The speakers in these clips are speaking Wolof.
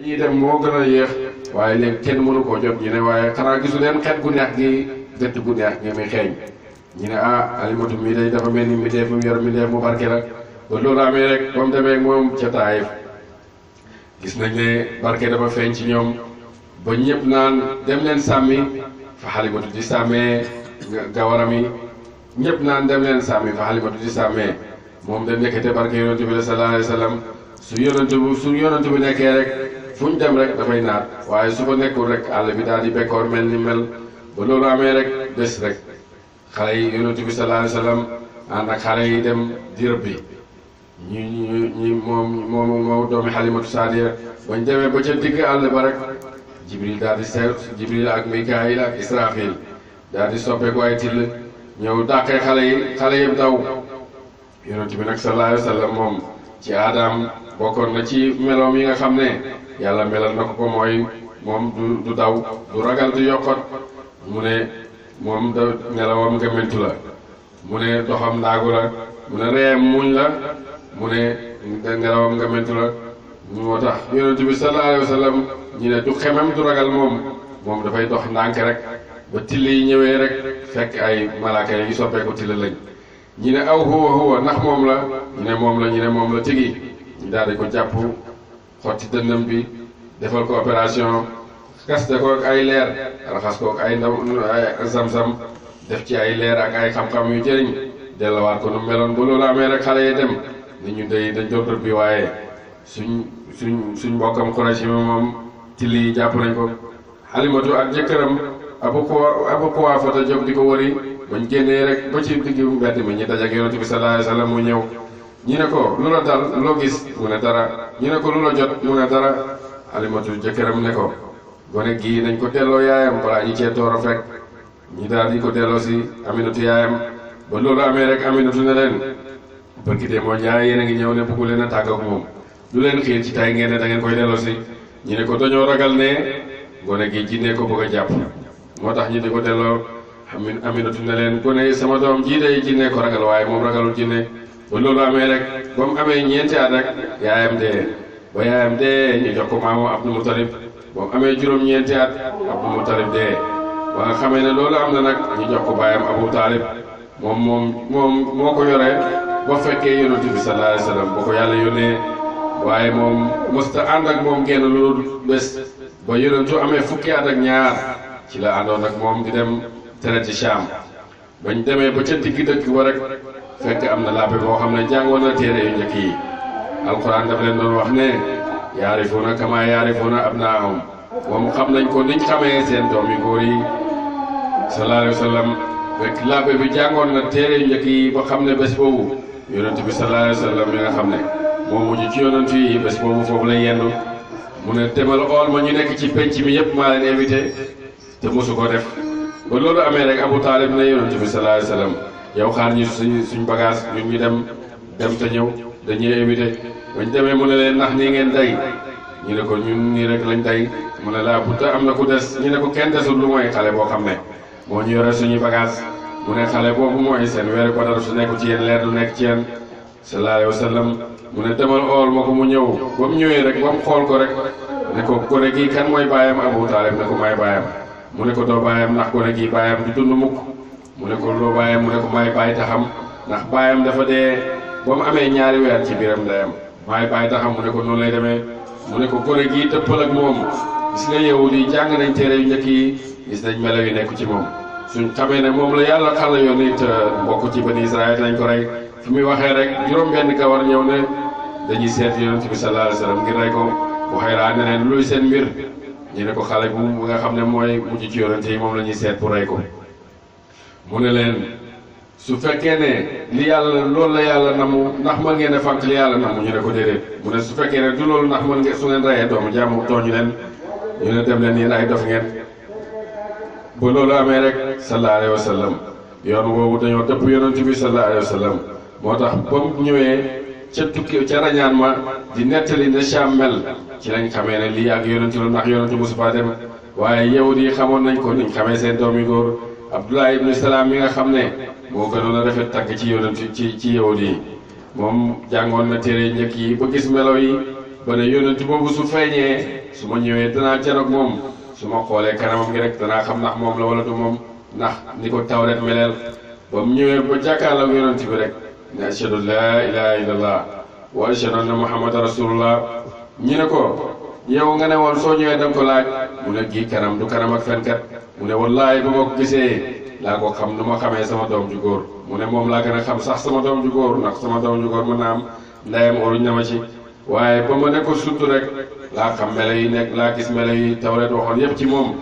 dañuy dem moo gën a yéex waaye léegi kenn mënu koo jot ñu ne waaye xanaa gisu leen xet gu neex gi gëtt gu neex gi muy xeeñ ñu ne ah alimatu mii day dafa mel ni mi dee mu yor mi dee mu barke la ba loolu amee rek ba mu demee moom ca taayif gis nañ ne barke dafa feeñ ci dem leen sàmmi fa xalimatu di sàmmee gawaram yi ñëpp naan dem leen sàmmi fa xalimatu di sàmmee moom da nekkate barke yonente bi la sallallahu alayhi su yonente bu su yonente bu nekkee rek fu ñu dem rek damay naat waaye su fa nekkul rek àll bi daal di bekkoor mel ni mel ba loolu amee rek des rek xale yi yonent bi sallallahu alayhi wasallam di rëbbi ñi ñi ñi moom moom demee ba ca digg àll ba rek jibril daal di seet jibril ak mikaayil ak israfil daal di soppeeku till ñëw dàqee xale yi xale yëpp daw yonent bi nag sallallahu alayhi moom ci aadaam bokkoon na ci meloom yi nga xam ne yàlla melal na ko ko mooy moom du daw du ragal du yokkot mu ne moom da nelawam gëmmentu la mu ne doxam naagu la mu ne reem muñ la mu ne da nelawam gëmmentu la bi sallallahu alayhi ñi ne du xemem du ragal moom moom dafay dox ndànk rek ba till yi ñëwee rek fekk ay malaaka yi ngi soppeeku till lañ ñi ne aw huwa huwa ndax moom la ne moom la ñu ne moom la tigi ñu daal di ko jàpp xotti dënnam bi defal ko opération kaste ko ak ay leer ak ay def ci ay leer ak ay xam-xam yu jëriñ delluwaat ko nu meloon bu loolu amee rek xale yi dem ni ñu dey dañ doon bi waaye suñ suñ suñ mbokkam Quraysh moom ci lii jàpp nañ ko Halimatu ak jëkkëram Abu Quwaafa Abu Quwaafa jóg di ko wëri bañ génnee rek ba ci digg mbedd mi ñu dajak Yonent bi sallallahu alayhi wa sallam mu ñëw ñu ne ko lu la dal loo gis mu ne dara ñu ko lu la jot mu ne dara alimatu jëkkëram ne ko gone gii nañ ko delloo yaayam balaa ñu cee door a fekk ñi daal di ko delloo si aminatu yaayam ba loolu amee rek aminatu ne leen bërki de moo ñaay yéen a ngi ñëw ne leen a lu leen xiir ci tay da ngeen koy delloo si ñu ko dañoo ragal ne gone gi jinne ko bëgg a jàpp moo tax ñi di ko delloo amin aminatu ne leen gone sama doom jii day jinne ko ragal waaye moom ragalul jinne ba loolu amee rek ba mu amee ñeenti at rek yaayam dee ba yaayam dee ñu jox ko maamu Abdul mu amee juróom-ñeenti at Abdul Mutalib dee ba nga xamee ne loolu am na nag ñu ko baayam Abu Talib moom moom moom moo ko yore ba fekkee yonent bi sallallahu alayhi wa sallam ba ko yàlla yónnee waaye moom mësta ànd ak moom génn loolu bés ba yonentu amee fukki at ak ñaar ci la àndoon ak moom di dem traité Cham bañ demee ca digg dëkk ba fekk am na làbbe boo xam ne jàngoon na téere yu njëkk yi alquran daf leen doon wax ne na kama yaarifuuna abnaahum moom xam nañ ko niñ xamee seen doom yu góor yi sallallahu fekk làbbe bi jàngoon na téere yu njëkk yi ba xam ne bés boobu yonent bi sallallahu alayhi wa nga xam ne moo mujj ci yonent yi bés boobu foofu la yendu mu ne demal ool ma ñu nekk ci penc mi yëpp maa leen invité te mosu ko def ba loolu amee rek Abu Taalib ne yonent bi sallallahu alayhi yow xaar ñi suñ suñ bagage ñun ñu dem dem te ñëw dañuy éviter bañ demee mu ne leen ndax nii ngeen day ñu ne ko ñu nii rek lañ day mu ne laa buta am na ku des ñu ne ko kenn desul lu mooy xale boo xam ne moo ñu yore suñuy bagaas mu ne xale boobu mooy seen weeri badar su nekk ci yéen leer lu nekk ci yéen sallallahu alayhi wa sallam mu ne demal ool ma ko mu ñëw ba mu ñëwee rek ba mu xool ko rek ne ko gone kii kan mooy baayam Abu Taalib ne ko may baayam mu ne ko doo mu ne ko loo bàyyam mu ne ko maay bàyyi taxam ndax bàyyam dafa dee ba mu amee ñaari weer ci biiram ndeyam maay bàyyi taxam mu ne ko noonu lay demee mu ne ko gone gii tëppal ak moom gis nga yow lii jàng nañ téere yu njëkk yi gis nañ melaw yi nekk ci moom suñ xamee ne moom la yàlla xala yoon it mbokk ci bani Israël nañ ko rey fi muy waxee rek juróom-benn gawar ñëw ne dañuy seet yonent bi sallallahu alayhi wasallam ngir rey ko waxee laa ne leen luy seen mbir ne ko xale bu nga xam ne mooy mujj ci yonent moom la ñuy seet bu rey ko mu ne leen su fekkee ne li yàlla loolu la yàlla namu ndax ma ngeen a fàtt li yàlla namu ñu ne ko déedéet mu ne su fekkee ne du loolu ndax mën ngeen su ngeen rayee doomu jàmm tooñu leen ñu ne dem leen yéen ay dof ngeen loolu amee rek sallallahu alayhi wa yoon woowu dañoo dëpp yonent bi sallallahu alayhi wa moo tax ba mu ñëwee ca tukki ca rañaan ma di nettali ne Sham mel ci lañ xamee ne lii ak yonent la ndax yonent mosu faa dem waaye yow di xamoon nañ ko niñ xamee seen doom yi góor Abdullah ibn Salaam mi nga xam ne moo gënoon a rafet tàgg ci yonent ci ci yahud yi moom jàngoon na téere njëkk yi ba gis melo yi ba ne yonent boobu su feeñee su ma ñëwee danaa caroog moom su ma xoolee kanamam gi rek danaa xam ndax moom la wala du moom ndax ni ko tawret meleel ba mu ñëwee ba jàkkaarloog yonent bi rek ne ashhadu laa ilaha illallah wa ashhadu anna muhammadan rasulullah ñi ne ko yow nga ne woon soo ñëwee danga ko laaj mu ne gii kanam du kanam ak mu ne wallaahi ba ma gisee laa ko xam nu ma xamee sama doom ju góor mu ne moom laa gën a xam sax sama doom ju góor ndax sama doom ju góor mën naa am ndeyam oruñ na ma ci waaye ba ma ne ko suttu rek laa xam melo yi nekk laa gis melo yi tawreet waxoon yépp ci moom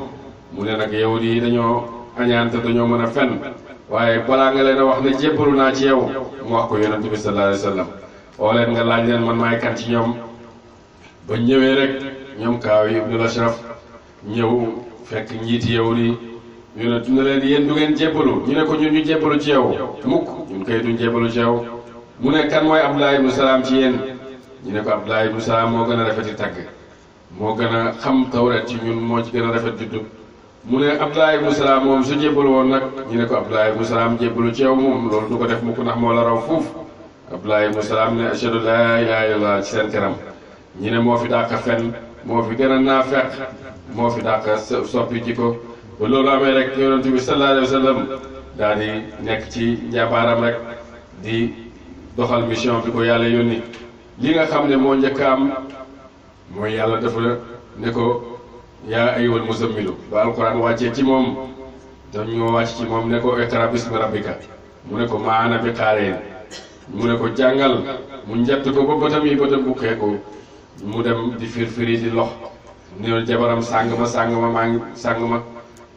mu ne nag yow di dañoo añaante dañoo mën a fen waaye balaa nga leen a wax ne jébbalu naa ci yow mu wax ko yonent bi sallallahu alayhi wa oo leen nga laaj leen man maay kan ci ñoom ba ñëwee rek ñoom kaaw yi ñëw fekk njiit yow ni ñu ne dina leen yéen du ngeen jébbalu ñu ne ko ñun ñu jébbalu ci yow mukk ñun mu ne kan mooy Abdoulaye ibnu Salaam ci yéen ñu ne ko Abdoulaye ibnu moo gën a rafeti tagg moo gën a xam ci ñun moo ci gën a rafet mu ne Abdoulaye ibnu Salaam moom su jébbalu woon nag ñu ne ko Abdoulaye ibnu Salaam jébbalu ci yow moom loolu du ko def mukk ndax moo la raw fuuf Abdoulaye ibnu ne ashhadu laa ilaaha seen kanam ñu ne moo fi dàq fen moo fi gën a naafeq moo fi dàq soppi ji ko ba loolu amee rek yonent bi sallallahu alayhi wa daal di nekk ci njàmbaaram rek di doxal mission bi ko yàlla yónni li nga xam ne moo njëkk am mooy yàlla dafa ne ko yaa ayyuhal muzammilu ba alquran wàccee ci moom dañoo wàcc ci moom ne ko iqra bismi rabbika mu ne ko maana bi xaareen mu ne ko jàngal mu njett ko ba bëtam yi bëtam bu mu dem di firfiri di lox néewal jabaram sàng ma sàng ma maa ngi sàng ma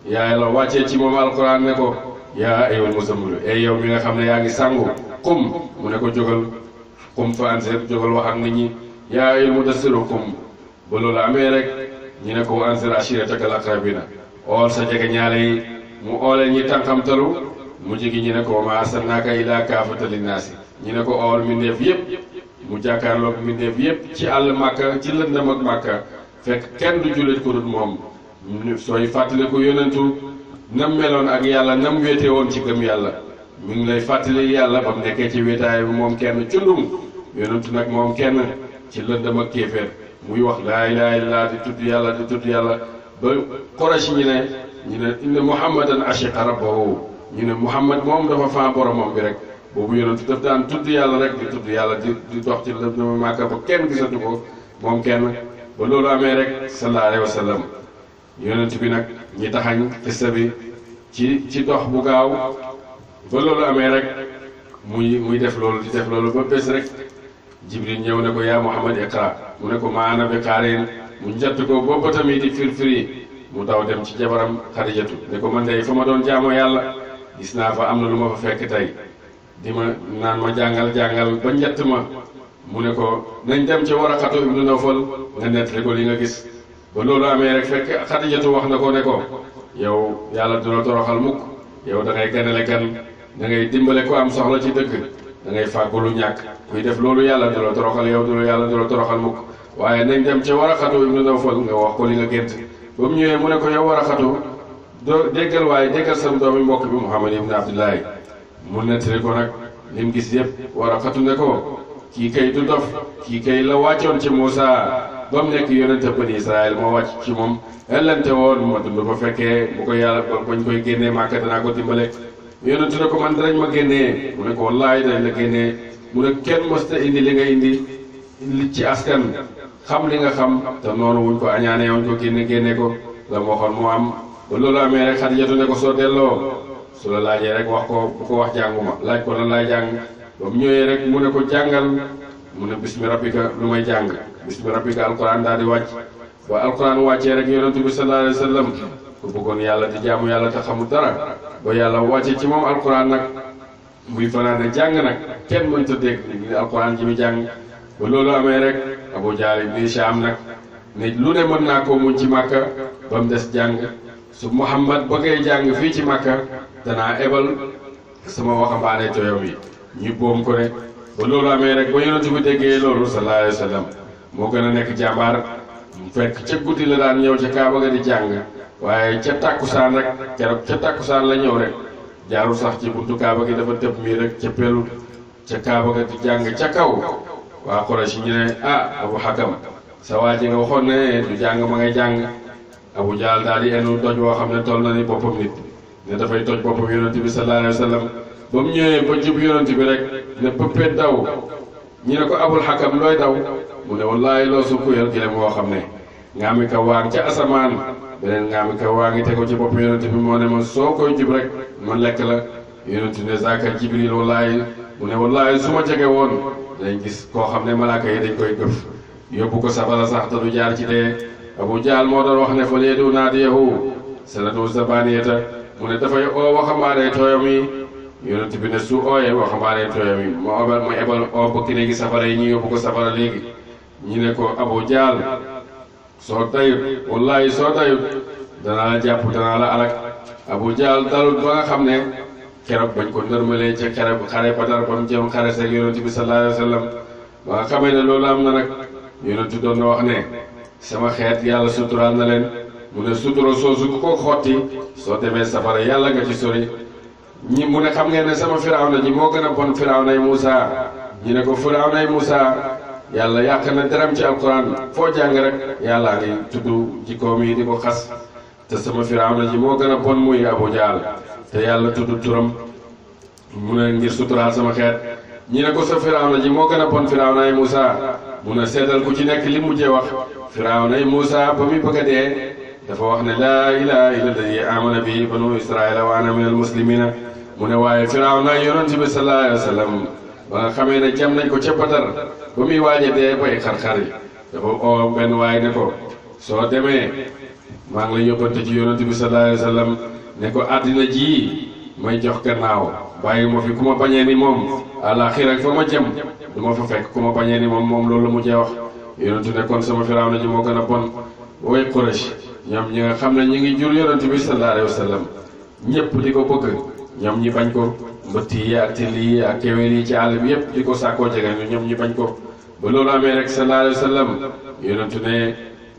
yaay la wàccee ci moom alquran ne ko yaa ayyuhal muzzammil ay yow mi nga xam ne yaa ngi sàngu qum mu ne ko jógal qum fa anzir jógal wax ak ñi yaa ayyuhal muddassir qum ba loolu amee rek ñu ne ko wa anzir ashiratakal aqrabina ool sa jege ñaale yi mu ooleen ñi tànqamtalu mu jigi ñu ne ko ma arsalnaaka illaa kaafatan linnaasi ñu ne ko ool mbindeef yépp mu jàkkaarloog mbindeef yépp ci àll ci lëndam ak fekk kenn du jullit ko dul moom sooy fàttaliku yonentu nam meloon ak yàlla nam wéete woon ci gëm yàlla mu ngi lay fàttali yàlla ba mu nekkee ci wéetaay moom kenn cundum yonentu nag moom kenn ci lëndëm ak kéeféer muy wax laa ilaaha illallaah di tudd yàlla di tudd yàlla ba Quraysh ñi ne ñu ne inna muhammadan ashiqa rabbahu ñu ne muhammad moom dafa faa boromam bi rek boobu yonentu daf daan tudd yàlla rek di tudd yàlla di di dox ci lëndëm Màkka ba ko moom ba loolu amee rek sallallahu alayhi wa sallam yonent bi nag ñi taxañ xista bi ci ci dox bu gaaw ba loolu amee rek muy muy def loolu di def loolu ba bés rek jibril ñëw ne ko yaa muhammad iqra mu ne ko maana bi xaarin mu njatt ko boobu tamit di firfiri mu daw dem ci jabaram xarijatu ne ko ma tey fa ma doon jaamoo yàlla gis naa fa am na lu ma fa fekk tey di ma naan ma jàngal jàngal ba njett ma mu ne ko nañ dem ci Waraqatu ibnu Nawfal nga nettali ko li nga gis ba loolu amee rek fekk Xadijatu wax ne ko ne ko yow yàlla du la toroxal yow da ngay ganale gan da ngay dimbale ko am soxla ci dëkk da ngay fàggulu ñàkk kuy def loolu yàlla du la toroxal yow yàlla du la toroxal mukk waaye nañ dem ci Waraqatu ibnu Nawfal nga wax ko li nga gént ba mu ñëwee mu ne ko yow Waraqatu do déggal waaye déggal sam doomi mbokk bi Muhammad ibn Abdullahi mu nettali ko nag li mu gis yëpp Waraqatu ne ko kii kay du dof kii kay la wàccoon ci Moussa ba mu nekk yonente bani Israël moo wàcc ci moom ellante woon ma dund ba fekkee bu ko yàlla ba bañ koy génnee màkka danaa ko dimbale yonente ne ko man danañ ma génnee mu ne ko wallaahi danañ la génnee mu ne kenn mës indi li nga indi li ci askan xam li nga xam te noonu wuñ ko añaane woon ko génne génne ko la mu waxoon mu am ba loolu amee rek Xadijatu ne ko soo delloo su la laajee rek wax ko bu ko wax jànguma laaj ko lan jàng ba mu ñëwee rek mu ne ko jàngal mu ne bismi rabbika lu may jàng bismi rabbika alquran daal di wàcc ba alquran wàccee rek yonent bi sallallahu alayhi wa sallam ku bëggoon yàlla di jaamu yàlla te xamul dara ba yàlla wàccee ci moom alquran nag muy fanaane jàng nag kenn mënta dégg ni alquran ji mu jàng ba loolu amee rek Abu Jahl ibn Hisham nag ne lu ne mën naa koo muñ ci màkka ba mu des jàng su Muhammad ba ngay jàng fii ci màkka danaa ebal ñi boom ko rek ba loolu amee rek ba yonent bi déggee loolu sa alayhi wa moo gën a nekk jàmbaar mu fekk ca guddi la daan ñëw ca kaaba ga di jàng waaye ca tàkkusaan rek keroog ca tàkkusaan la ñëw rek jaarul sax ci buntu kaaba gi dafa tëb mii rek ca pelu ca kaaba ga di jàng ca kaw waa Quraysh ñu ne ah Abu Hakam sa waa nga waxoon ne du jàng ma ngay jàng Abu Jaal daal di enu doj woo xam ne toll na ni boppam nit ne dafay toj boppam yonent bi sallallahu alayhi wa sallam ba mu ñëwee ba jub yonent bi rek ne pëppet daw ñi ne ko abul xakam looy daw mu ne wallaahi loo sukku yor gëlëm woo xam ne ngaa mi ka waag ca asamaan beneen ngaa mi ka waa ngi ci bopp yonent bi moo ne ma soo koy jub rek ma lekk la yonent ne zaaka jibril wallaahi mu ne wallaahi su ma jege woon dañ gis koo xam ne malaaka yi di koy gëf yóbbu ko safara sax te du jaar ci dee abu jaal moo doon wax ne fa leedu naadiyahu sanatu zabaniyata mu ne dafay oo waxambaane tooyam yonent bi ne su ooyee waxambaane tooyam yi ma obal ma ebal obb ki léegi safara yi ñu yóbbu ko safara léegi ñu ne ko Abu Jaal soo dayut wallaahi soo dayut danaa la jàpp danaa la alak Abu Jaal dalut ba xam ne keroog boñ ko nërmalee ca keroog xare Badar ba mu jëm xare seeg yonent bi sallallaahu alayhi wa nga xamee ne loolu am na nag yonent doon na wax ne sama xeet yàlla suturaal na leen mu ne sutura soosu ku ko xotti soo demee safara yàlla nga ci sori ñi mu ne xam ngeen ne sama firawna ñi moo gën a bon firawnay Moussa ñu ne ko firawnay Moussa yàlla yàq na deram ci alquran foo jàng rek yàllaa ngi tudd jikkoom yi di ko xas te sama na ji moo gën a bon muy Abu te yàlla tudd turam mu ne ngir suturaal sama xeet ñi ne ko sa firawna ji moo gën a bon firawnay Moussa mu ne seetal ku ci nekk li mujjee wax firawnay Moussa ba muy bëgg dee dafa wax ne laa ilaha illa alladi amana bi banu israila wa ana min almuslimina mu ne waaye firaaw na yonent bi sallallahu alayhi wa sallam ba nga xamee ne jam nañ ko ca Badar ba muy waaj a dee bay xar-xar yi dafa oo benn waay ne ko soo demee maa ngi lay yóbbante ci yonent bi sallallahu alayhi wa sallam ne ko àddina ji may jox gannaaw bàyyi ma fi ku ma bañee ni moom àlaxira fa ma jëm du ma fa fekk ku ma bañee ni moom moom loolu la mujjee wax yonentu ne kon sama firaaw na ji moo gën a bon way Quraysh ñoom ñi nga xam ne ñu ngi jur yonent bi sallallahu alayhi wa sallam ñëpp di ko bëgg ñoom ñi bañ ko mbëtt yi ak till yi ak kéwél yi ci àll bi yëpp di ko sàkkoo jege ñoom ñi bañ ko ba loolu amee rek sallallahu alayhi wa sallam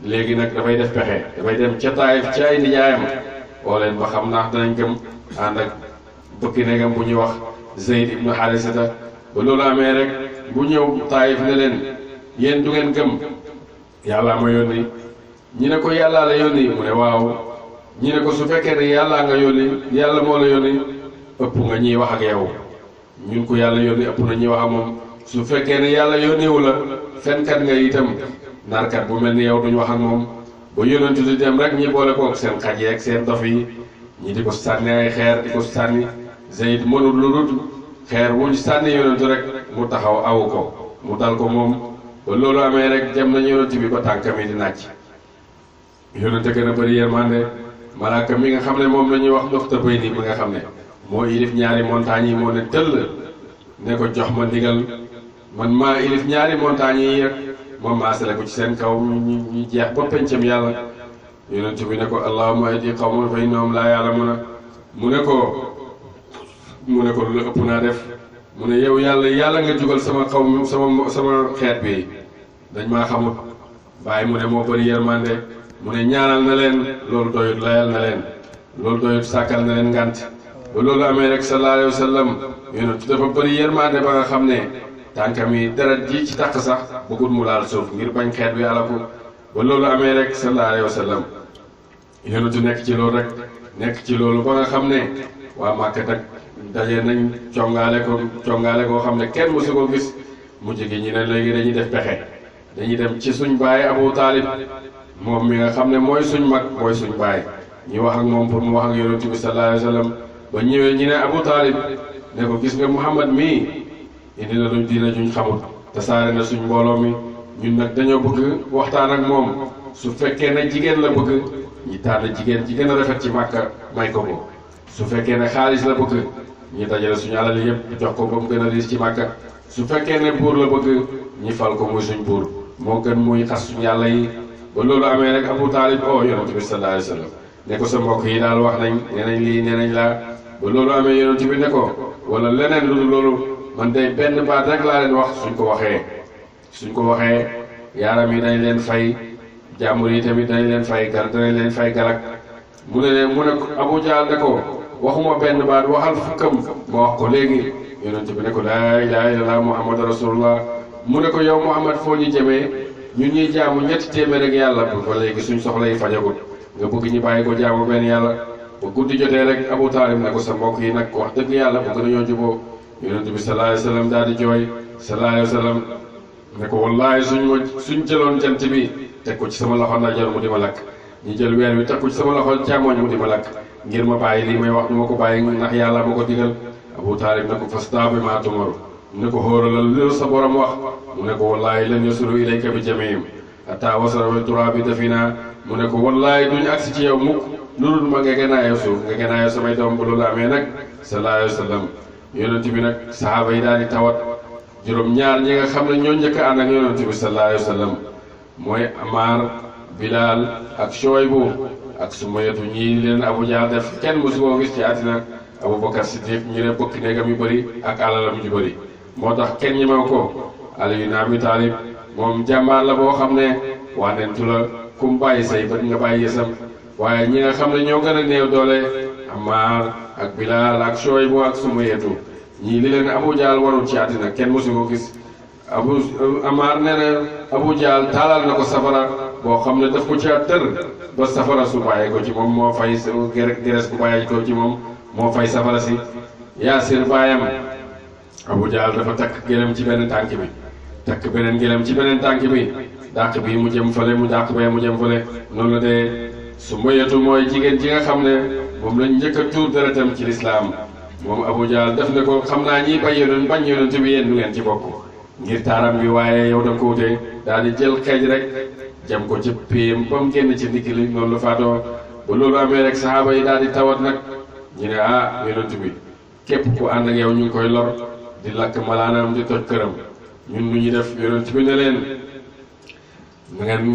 léegi nag dafay def pexe dafay dem ca taayif ci ay ba xam ndax danañ gëm ànd ak bëkki negam bu ñuy wax Zayd ibnu Harisata loolu amee rek bu ñëw taayif ne leen du ngeen gëm yàlla ma yónni ñi ne ko yàllaa la yónni mu ne waaw ñi ne ko su fekkee ne yàlla nga yónni yàlla moo la yónni ëpp nga ñiy wax ak yow ñun ko yàlla yónni ëpp na ñuy wax ak moom su fekkee ne yàlla yónniwu la fenkat nga itam narkat bu mel ni yow duñ wax ak moom ba yónantu di dem rek ñi boole kook seen xaj yeeg seen dof yi ñi di ko sànni ay xeer di ko sànni Zayd mënul lu dul xeer wuñ sànni yónantu rek mu taxaw awu ko mu dal ko moom ba loolu amee rek dem nañ yónantu bi ba tànkam yi di nàcc yonente gën a bëri yërmande malaaka mi nga xam ne moom la ñuy wax ndox tëbëy ni mi nga xam ne moo ilif ñaari montagnes yi moo ne tëll ne ko jox ma ndigal man maa ilif ñaari montagnes yi rek moom maasale ko ci seen kaw ñu jeex ba pencam yàlla yonente bi ne ko allahumma ahdi qawman fa innahum laa ya'lamuun mu ne ko mu ne ko lu ëpp naa def mu ne yow yàlla yàlla nga jugal sama xaw sama sama xeet bi dañ maa xamul bàyyi mu ne moo bëri yërmande mu ne ñaanal na leen loolu doyut layal na leen loolu doyut sàkkal na leen ngànt ba loolu amee rek sallallahu alayhi wa sallam yonent dafa bëri yërmande ba nga xam ne tànkam yi deret ji ci taq sax bëggul mu laal suuf ngir bañ xeet bi alaku ba loolu amee rek sallallahu alayhi wa sallam yonent nekk ci loolu rek nekk ci loolu ba nga xam ne waa Màkka nag daje nañ congaale ko congaale koo xam ne kenn mosu ko gis mujj gi ñu ne léegi dañuy def pexe dañuy dem moom mi nga xam ne mooy suñ mag mooy suñ baay ñu wax ak moom pour mu wax ak yonent bi sallallahu alayhi wa sallam ba ñëwee ñu ne Abu Talib ne ko gis nga Muhammad mii indi na luñ diina juñ xamul te saare na suñ mbooloo mi ñun nag dañoo bëgg waxtaan ak moom su fekkee ne jigéen la bëgg ñi tànn jigéen ci gën a rafet ci màkka may ko ko su fekkee ne xaalis la bëgg ñu dajale suñu alal yëpp jox ko ba mu gën a riis ci màkka su fekkee ne buur la bëgg ñi fal ko muy suñ buur moo gën muy xas suñu yàlla yi ba loolu amee rek Abu Taalib oo yonent bi sallallahu alayhi wa sallam ne ko sa mbokk yi daal wax nañ nee nañ lii nee nañ laa ba loolu amee yonent bi ne ko wala leneen lu dul loolu man day benn baat rek laa leen wax suñ ko waxee suñ ko waxee yaaram yi dañ leen fay jàmbur yi tamit dañ leen fay gar dañ leen fay garak mu ne leen mu ne Abu Jaal ne ko waxuma benn baat waxal fukkam ma wax ko léegi yonent bi ne ko laa ilaaha illallaah Muhammad rasulullah mu ne ko yow Muhammad foo ñu jëmee ñu ñuy jaamu ñetti téeméer ak yàlla ba léegi suñ soxla yi fajagut nga bëgg ñu bàyyi ko jaamu benn yàlla ba guddi jotee rek Abu Taalib ne ko sa mbokk yi nag wax dëgg yàlla bëgg nañoo juboo yonent bi sallallahu alayhi wa sallam daal di jooy sallallahu alayhi wa sallam suñ ma suñ jëloon bi teg ci sama loxo ndijoor mu di ma lakk ñu jël weer wi teg ci sama loxo càmmooñ mu di ma lakk ngir ma bàyyi lii may wax ñu ma ko bàyyi ndax yàlla ma ko digal Abu Taalib ne ko fastabi ma tumaru mu ne ko xóoralal li sa borom wax mu ne ko wallaahi lan yasulu ilayka bi jamiim hatta wasala min turaabi dafina mu ne ko wallaahi duñu agsi ci yow mukk loolu ma nga gànnaayoo suuf nga gànnaayoo samay doom bu loolu amee nag sa alayhi wa sallam yonent bi nag saxaaba yi daal di tawat juróom-ñaar ñi nga xam ne ñoo njëkk a ànd ak yonent bi sallallahu alayhi wa mooy Amar Bilal ak Shoybu ak sumayatu ñii leen Abu Jahl def kenn mësu koo gis ci àddina yu bëri ak alalam moo tax kenn ñemew ko Ali ibn Abi Talib moom jàmbaar la boo xam ne wànnentu la ku mu bàyyi say bët nga bàyyi yësam waaye ñi nga xam ne ñoo gën a néew doole Ammaar ak Bilaal ak Shuayb ak Sumayatu ñii li leen Abu Jahl warul ci àddina kenn mosu ko gis Abu Ammaar nee na Abu Jahl na ko safara boo xam ne daf ko ci at ba safara su bàyyee ko ci moom moo fay gérek gérés bu bàyyee ko ci moom moo safara si Yaasir baayam Abu Jahl dafa takk gëlëm ci benn tànk bi takk beneen gënam ci beneen tànk bi dàq bii mu jëm fële mu dàq bee mu jëm fële noonu la dee su moyetu mooy jigéen ji nga xam ne moom lañ njëkk tuur tuur deretam ci lislaam moom Abu Jahl def na ko xam naa ñiy bañ yonent bañ yonent bi yéen du ngeen ci bokk ngir taaram bi waaye yow da ko wute daal di jël xeej rek jëm ko ci péem ba mu génn ci ndigg li noonu la faatoo ba loolu amee rek saxaaba yi daal di tawat nag ñu ne ah yonent bi képp ku ñu ngi koy lor di lakk malaanaam di toj këram ñun lu ñu def yonent ne leen na ngeen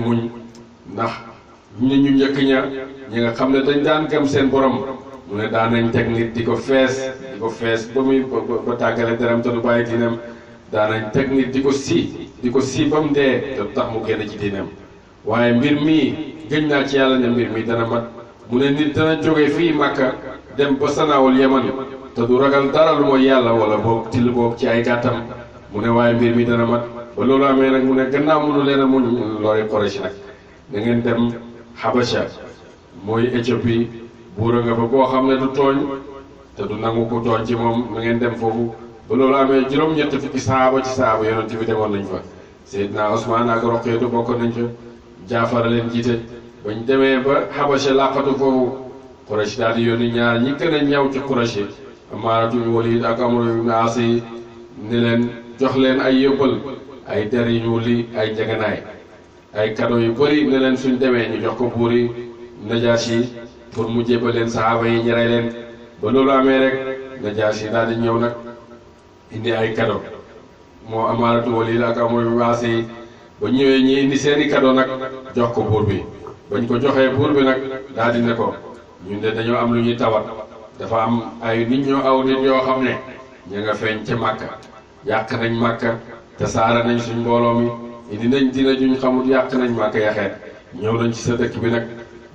ñu ñu ñi nga xam ne dañ daan gëm seen borom mu ne daan teg nit di ko fees di ko fees ba muy ba tàggale deram te du bàyyi diinam daan teg nit di ko si di ko si ba mu dee te du tax mu génn ci diinam waaye mbir mii gëñ naa ci yàlla ne mbir mii dana mat mu ne nit dana jóge fii Màkka dem ba sanaawul Yaman te du ragal dara lu mooy yàlla wala boog till boobu ci ay gàttam mu ne waaye mbir mi dana mat ba loolu amee nag mu ne gannaaw mënu leen a muñ looy da ngeen dem Habasha mooy Éthiopie buura nga fa xam ne du te du nangu ko tooñ ci moom na ngeen dem foofu ba loolu amee juróom-ñett fukki saaba ci saaba yonent bi demoon nañ fa Seydina Ousmane ak Roqeetu bokk nañ fa jaafara leen jiite bañ demee ba Habasha làqatu foofu Quraysh daal di yónni ñaar ñi gën a ñaw ci Quraysh amaaratul walid ak amru ibn aasi ni leen jox leen ay yëbbal ay der yu li ay njeganaay ay cadeau yu bëri ne leen suñ demee ñu jox ko buuri najaas yi pour mu jébal leen saxaaba yi ñu rey leen ba loolu amee rek najaas yi daal ñëw nag indi ay cadeau moo amaaratul walid ak amru ibn aasi ba ñëwee ñi indi seen i nag jox ko buur bi bañ ko joxee buur bi nag daal ne ko ñun de dañoo am lu ñuy tawat dafa am ay nit ñu aw nit ñoo xam ne ñu nga feeñ ci màkka yàq nañ màkka te saara nañ suñ mbooloo mi indi nañ dina ñu xamut yàq nañ màkka yaxeet ñëw nañ ci sa dëkk bi nag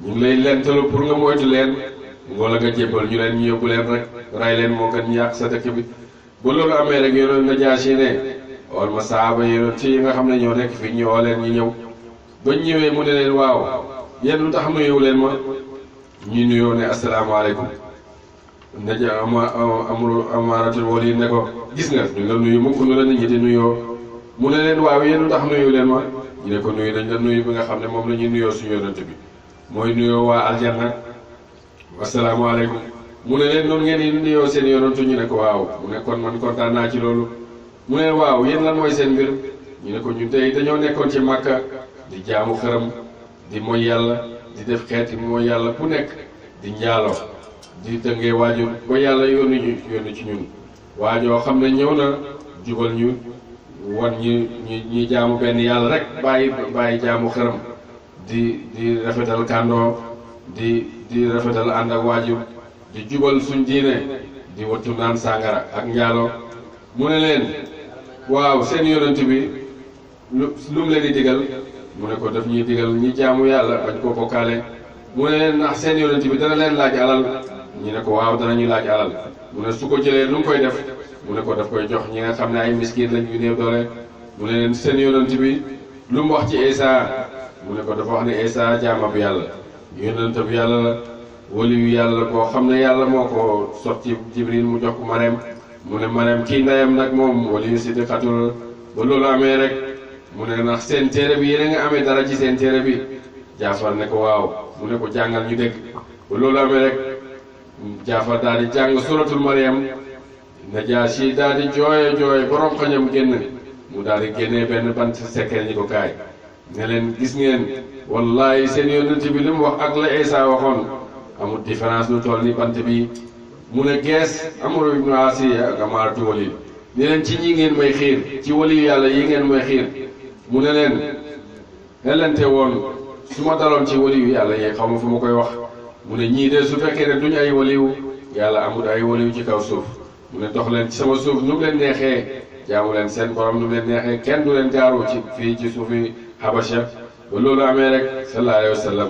ñu ngi lay lentalu pour nga moytu leen wala nga jébbal ñu leen ñu leen rek ray leen moo gën ñu yàq sa dëkk bi bu loolu amee rek yoonoon na jaasi ne wal ma saaba yoonoon ci yi nga xam ne ñoo nekk fii ñoo leen ñu ñëw bañ ñëwee mu ne leen waaw yéen lu tax nuyu leen ma ñu nuyoo ne asalaamaaleykum ndaje ama amul amaaratul wala yi ne ko gis nga duñ la nuyu mukk nu la nit ñi di nuyoo mu ne leen waaw yéen lu tax nuyu leen ma ñu ne ko nuyu dañ la nuyu bi nga xam ne moom la ñuy nuyoo suñu yonent bi mooy nuyoo waa aljanna wasalaamualeykum mu ne leen noonu ngeen di nuyoo seen yonent ñu ne ko waaw mu ne kon man kontaan naa ci loolu mu ne waaw yéen lan mooy seen mbir ñu ne ko ñun tey dañoo nekkoon ci màkka di jaamu xëram di mooy yàlla di def xeeti mooy yàlla ku nekk di njaaloo di dëngee waajur ba yàlla yónni ñu yónni ci ñun waajoo xam ne ñëw na jubal ñu wan ñu ñu ñuy jaamu benn yàlla rek bàyyi bàyyi jaamu xëram di di rafetal kàndoo di di rafetal ànd ak waajur di jubal suñ diine di wattu naan sàngara ak njaalo mu ne leen waaw seen yonent bi lu lu mu leen di digal mu ne ko daf ñuy digal ñi jaamu yàlla ak koo bokkaale mu ne leen ndax seen yonent bi dana leen laaj alal ñu ne ko waaw danañu laaj alal mu ne su ko jëlee nu mu koy def mu ne ko daf koy jox ñi nga xam ne ay miskin lañ yu néew doole mu ne leen seen yonent bi lu mu wax ci Isa mu ne ko dafa wax ne Isa jaamab yàlla yonent bu yàlla la waliyu yàlla la koo xam ne yàlla moo ko sotti Jibril mu jox ko Mareem mu ne Mareem kii ndeyam nag moom waliyu siddiqatul ba loolu amee rek mu ne ndax seen téere bi yéen nga amee dara ci seen téere bi jaafar ne ko waaw jàngal ñu Jaafar daal di jàng suratul Mariam Najaasi yi di jooye jooye borom xoñam génn mu daal di génnee benn bant sekkee ñi ko kaay ne gis ngeen wallahi seen yonent bi li mu wax ak la Isa waxoon amul différence lu toll ni bant bi mu ne gees Amru ibnu Asiya ak Amaaratu Walid ne leen ci ñi ngeen may xiir ci waliyu yàlla yi ngeen mooy xiir mu ne leen xelante woon su ma daloon ci waliyu yàlla yi xaw ma fu ma koy wax mu ne ñii de su fekkee ne duñ ay waliw yàlla amul ay waliw ci kaw suuf mu ne dox leen ci sama suuf nu leen neexee jaamu leen seen borom nu mu leen neexee kenn du leen jaaru ci fii ci suufi Habasha ba loolu amee rek sallallahu alayhi wa sallam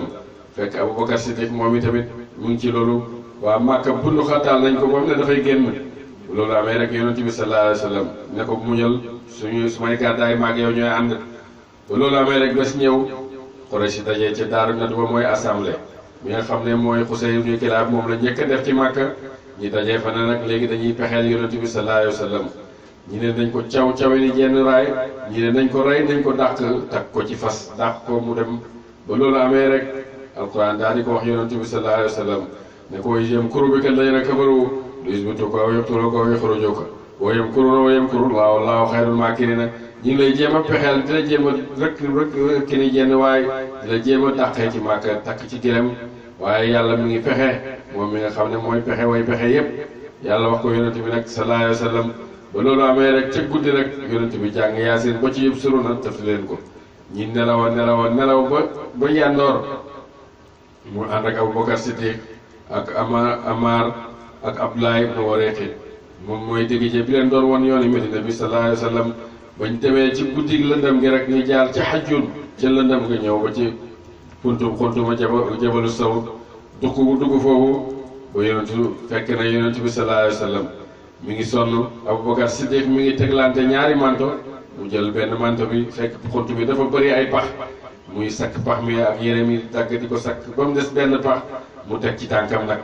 fekk Aboubacar Siddiq moom itamit mu ngi ci loolu waa Màkka bund xataal nañ ko moom dafay génn loolu amee rek yonent bi sallallahu alayhi wa sallam ne ko muñal suñu su may gàddaay maag yow ñooy ànd ba loolu amee rek bés ñëw Quraysh dajee ci daaru Nadwa mooy assemblée. mi nga xam ne mooy Xusey ibnu Kilaab moom la njëkk def ci Màkka ñi dajee fa na nag léegi dañuy pexeel yonent bi sallallahu alayhi wa sallam ñi ne nañ ko caw cawe ni jenn raay ñi ne nañ ko rey nañ ko dàq takk ko ci fas dàq ko mu dem ba loolu amee rek alquran daal di ko wax yonent bi sallallahu alayhi wa sallam ne ko yamkuru bika alladhiina kafaru liyuthbituuka aw yaqtuluuka aw yukhrijuuka wa yamkuruuna waa yamkurullaahu wallaahu khayrul maakiriin ñu ngi lay a pexeel di la jéem a rëkk rëkk waay di la jéem a dàqee ci màkka yàlla mi ngi pexe moom mi nga xam ne mooy pexe way yàlla wax ko bi nag sallallahu alayhi wa rek ca guddi rek bi jàng yaasin ba ci yëpp suru na leen ko ñi nelawa nelawa nelaw ba ba yandoor mu ànd ak Abubakar Siddiq ak ama Amar ak Abdoulaye ibnu moom mooy dégg bi leen doon wan yooni Medina bi sallallahu alayhi bañ demee ci guddi lëndëm gi rek ñu jaar ci xajjun ci lëndëm gi ñëw ba ci kuntum xuntuma jabalu saw dugg dugg foofu ba yonentu fekk na yonentu bi sallallahu alayhi mu sallam mi ngi sonn Aboubacar Siddiq mu ngi teglante ñaari manto mu jël benn manto bi fekk xunt bi dafa bëri ay pax muy sakk pax mi ak yére mi dagg di ko sakk ba mu des benn pax mu teg ci tànkam nag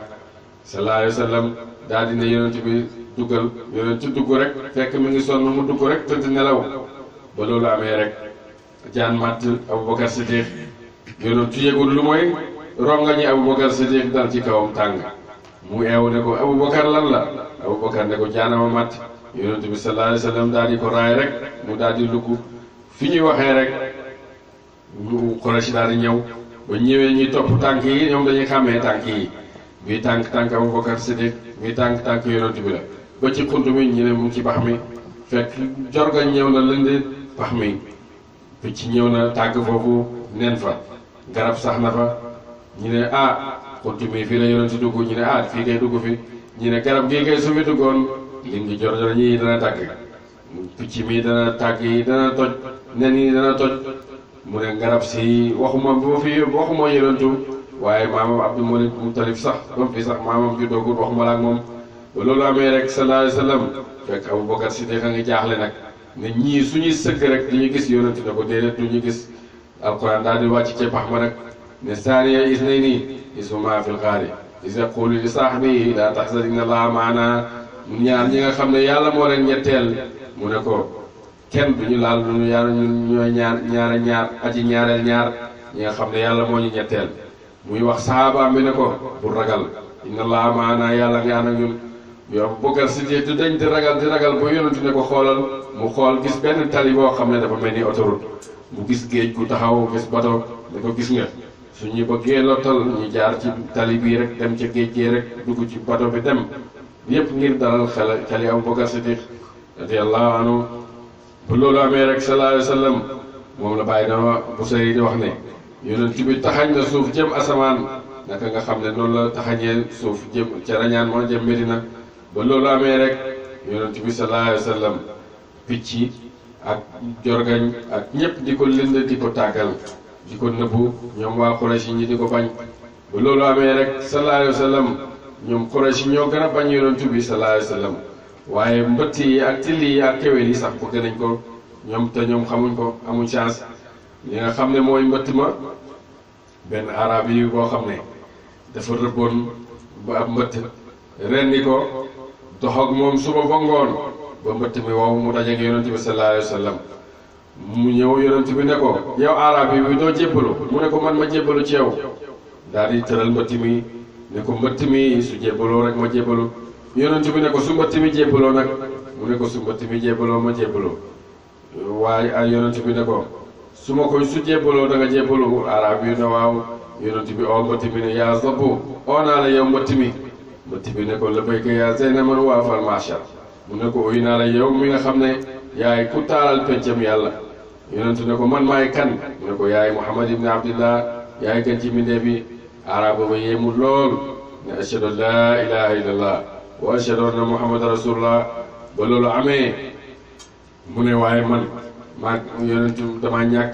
sallallahu alayhi wa dina yonentu bi duggal ci dugg rek fekk mi ngi sonn mu dugg rek tëdd nelaw ba loolu amee rek jaan màtt Aboubacar Siddiq yonent yëgul lu mooy rongañi Aboubacar Siddiq dal ci kawam tàng mu eew ne ko Aboubacar lan la Aboubacar ne ko jaanama màtt yonent bi sallallahu alayhi wa sallam daal di ko raay rek mu daal di lugg fi ñuy waxee rek mu Quraysh ñëw ba ñëwee ñuy topp tànk yi ñoom dañuy xàmmee tànk yi bii tànk tànk Aboubacar Siddiq bii tànk tànk yonent bi la ba ci xunt mi ñu ne mu ci bax mi fekk jorga ñëw na lëndee bax mi picc ñëw na tàgg foofu nen fa garab sax na fa ñu ne a xunt mi ñu ne ah fii ñi ne garab gii kay su fi duggoon lim gi jorjor ñi dana tàgg picc mi dana tàgg yi dana toj nen yi dana toj mu ne garab si waxuma bu fi waxuma yonentu waaye maamam Abdou Malik Moutalib sax ba mu fi sax maamam ju doogul waxuma moom ba loolu amee rek sallallahu alayhi wa sallam fekk si Siddiq a ngi jaaxle nag ne ñii suñuy sëgg rek ñu gis yonent na ko déedéet duñu gis alquran daal di wàcc ci pax ma nag ne saaniya isnayni isuma fil xaari is yaqulu li saaxbi laa taxzan inna allaha maana ñaar ñi nga xam ne yàlla moo leen ñetteel mu ne ko kenn duñu laal lu yàlla ñun ñooy ñaar ñaar ñaar aji ñaareel ñaar ñi nga xam ne yàlla moo ñu ñetteel muy wax saxaabaam bi ne ko bu ragal inna allaha maana yàlla nga ànd ak yow Abubakar Siddiq du dañ di ragal di ragal ba yonent ne ko xoolal mu xool gis benn tali boo xam ne dafa mel ni autoroute mu gis géej gu taxaw gis bato ne gis nga suñu ñu bëggee lottal ñu jaar ci tali bii rek géej gee rek dugg ci bato bi dem yépp ngir dalal xel xeli Abubakar Siddiq radiyallahu anhu bu loolu amee rek sallallahu alayhi wa sallam di wax ne yonent bi taxañ na suuf jëm asamaan a nga xam ne noonu la taxañee suuf jëm ca rañaan moo jëm Medina ba loolu amee rek yonent bi sallallahu alayhi picc yi ak jorgañ ak ñëpp di ko lënd di ko tàggal di ko nëbbu ñoom waa Quraysh ñi di ko bañ ba loolu amee rek sallallahu alayhi wa sallam ñoom Quraysh ñoo gën a bañ yonent bi sallallahu alayhi waaye mbëtt yi ak till yi ak kewel yi sax bëgg nañ ko ñoom te ñoom xamuñ ko amuñ chance li nga xam ne mooy mbëtt ma benn arab yi boo xam ne dafa rëbboon ba ab mbëtt rendi ko doxag moom suba fa ngoon ba mbëtt mi wow mu dajeeg yonent bi sallallahu alayhi wa sallam mu ñëw yonent bi ne ko yow arab yi bi doo jébbalu mu ne ko man ma jébbalu ci yow daal di tëral mbëtt mi ne ko mbëtt mi su jébbaloo rek ma jébbalu yonent bi ne ko su mbëtt mi jébbaloo nag mu ne ko su mbëtt mi jébbaloo ma jébbaloo waaye ay yonent bi ne ko su ma koy su jébbaloo da nga jébbalu yi ne waaw yonent oo oh mbëtt mi ne yaa zabu oo naa la yow mbëtt mi bëtt bi ne ko la béykat yaa tey ne man waa fal mu ne ko uyu naa la yow mi nga xam ne yaay ku taalal pencam yàlla yonent ne ko man maay kan mu ne ko yaay Muhammad ibn Abdillah yaay ci mindee bi araba ba yéemu lool ne ashhadu an laa ilaha illallah wa ashhadu anna Muhammad rasulullah ba amee mu ne waaye man maa yonentu dama ñàkk